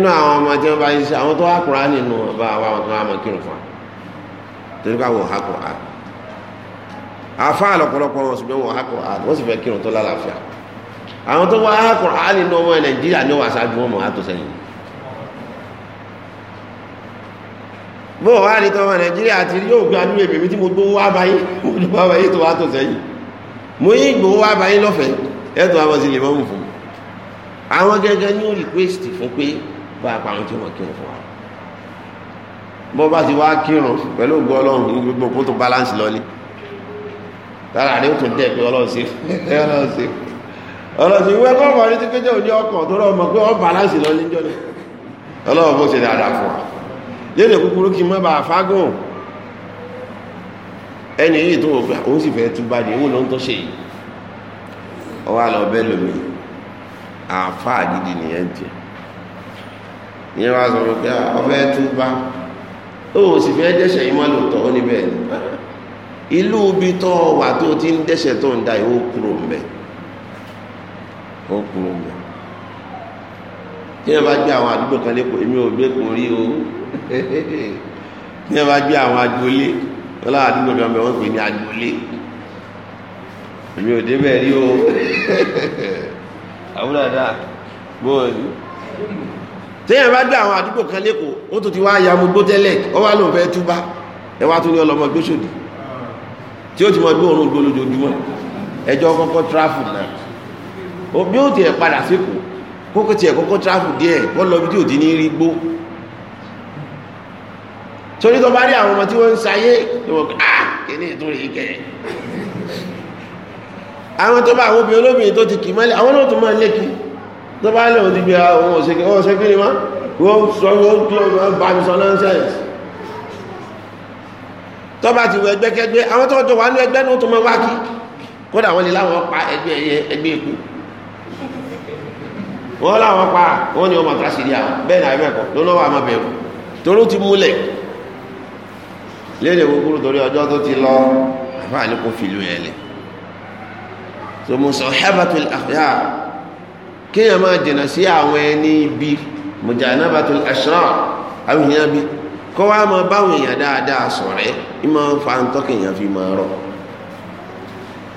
náà wọ́n wá torí káwọn ọ̀há Qur'an àfa àlọ́pọ̀lọpọ̀ wọn ṣùgbọ́n wọn ọ̀há Qur'an wọ́n sì fẹ́ kírun tó lálàáfíà àwọn tó wọ́n ọ̀há Qur'an nínú ọmọ Nàìjíríà ní wàá ṣáájú wọn mọ̀ á tó sẹ́yìn bó wá ní tọmọ Nàìjíríà ti yóò gbé adúlé bèbí tí mo gbówó wá báyé mo gbówó wá báyé tó wá tó sẹ́yìn mo yí gbówó wá báyé lọ́fẹ̀ẹ́ ẹ̀tọ́ àwọn sì lè mọ́ mú fún mi àwọn gẹ́gẹ́ ní ó request fún pé bá a pa bó bá ti wá kírun pẹ̀lú ògbó ọlọ́run gbogbo kó tó balance lọ́lé tára rẹ̀ ó tún dẹ̀ pé ọlọ́run [laughs] ẹni yìí tó gbà òun sì fẹ́ túbá ní ewu ló ń tó ṣe yìí ọwọ́ àlọ́ bẹ́ẹ̀ lómi àáfàá gidi nìyẹn jẹ ìyẹn wá sọ pé ọfẹ́ túbá o sì fẹ́ dẹ́ṣẹ̀ yìí má lò tọ́ ó níbẹ̀ ìlú ibi tó wà tó ti ń dẹ́ṣẹ̀ tó ń da ìwó kúrò mbẹ̀ ó kúrò mbẹ̀ tí wọ́n bá gbé àwọn àdúgbò kan lẹ́kọ̀ọ́ èmi ò gbẹ́kùn rí o tí wọ́n bá gbé àwọn agboolé ọlọ́wọ́ àdúgbò kan bẹ̀ wọ́n pè ní agboolé èmi ò débẹ̀ rí o àwùrọ̀ dáa téèyàn bá gbé àwọn àdúgbò kan lẹ́kọ̀ọ́ ó tó ti wá ya mugbó tẹ́lẹ̀ ó wá lóun fẹ́ túbá ẹ wá tún ní ọlọmọ gbósòdì tí ó ti mọ gbóòórùn gbó lójoojúmọ́ ẹjọ́ kọ́kọ́ tráfù náà òbí ó tiẹ̀ padà síkù kókó tiẹ̀ kọ́kọ́ tráfù díẹ̀ kọ́ lọ bí tí ò ti ní rí gbó torí tó bá rí àwọn ọmọ tí wọ́n ń sayé ìwọ̀n ah kíní ìtúrí ike àwọn tó bá àwọn obìnrin olóbìnrin tó ti kì mọ́lẹ̀ àwọn náà tó máa ń lékìí tó bá lè wọ́n ti gbé àwọn òṣèké wọ́n ṣe kí ni wọ́n wọ́n sọ wọ́n tó wọ́n bá mi sọ nonsense tó bá ti wọ ẹgbẹ́kẹ́gbẹ́ àwọn tó jọ wà ní ẹgbẹ́ ní ó tó mọ wá kí kódà wọ́n lè láwọn pa ẹgbẹ́ ẹyẹ ẹgbẹ́ ikú wọ́n láwọn pa wọ́n ní ọmọ àtàṣírí àwọn bẹ́ẹ̀ náà ẹgbẹ́ kọ lọ́wọ́ àmọ́ bẹ̀rù toró ti múlẹ̀ lédè gbogbo torí ọjọ́ tó ti lọ àbáà ní kò fìlú ẹ̀ lẹ̀ so mo sọ hẹ́bàtúl àfíà kéèyàn máa jìnà sí àwọn ẹni ibi mujanabatul ashrar àwọn èèyàn bí kọ́ wá máa báwọn èèyàn dáadáa ṣọ̀rẹ́ ní máa ń fa ń tọ́kì èèyàn fi máa rọ̀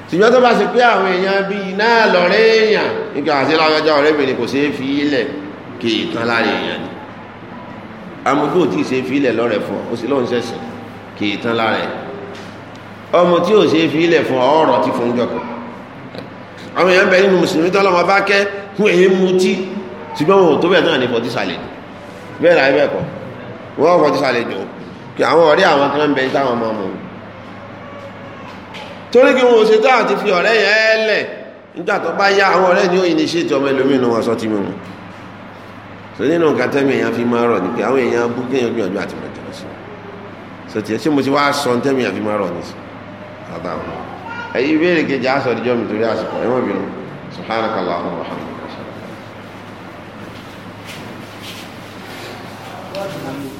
ṣùgbọ́n tó bá sì pé àwọn èèyàn bí náà lọ́rẹ́ èèyàn nígbà àti lágbájá ọ̀rẹ́bìnrin kò ṣeé fi ilẹ̀ kì tán lára èèyàn ni amúgbó tí ì ṣe fi ilẹ̀ lọ́rẹ̀ fún ọ sì lóun ṣẹ̀ṣẹ̀ kì tán lára ọmọ tí ò ṣe fi ilẹ̀ fún ọ ọ̀rọ̀ ti fún jọkọ̀ àwọn èèyàn bẹ nínú mùsùlùmí tọ́lọ́mọ bá kẹ́ fún èyí mutí ṣùgbọ́n wọn ò tó bẹ́ẹ̀ náà ní fọtí sàlẹ̀ jù bẹ́ẹ̀ láì bẹ́ẹ̀ kọ́ wọ́n fọtí sàlẹ̀ jù kí àwọn ọ̀rẹ́ àwọn kan ń bẹ táwọn ọmọ mọ̀ torí kí wọn ò ṣe tó àti fi ọ̀rẹ́ yẹn ẹ́lẹ̀ nígbà tó bá yá àwọn ọ̀rẹ́ ni ó yìí ṣe ti ọmọ ẹlòmínú wọn sọ ti mú un sọ nínú nǹkan tẹ́mi èèyàn fi máa rọ̀ ní pé àwọn èèyàn bú kéèyàn gbìyànjú àti mọ̀jọ́ sí i sọ èyí ìbéèrè kejì á sọ ìjọ mi torí àsìkò ẹ̀wọ̀n bínú subhanakallahu wa rahmatulahi.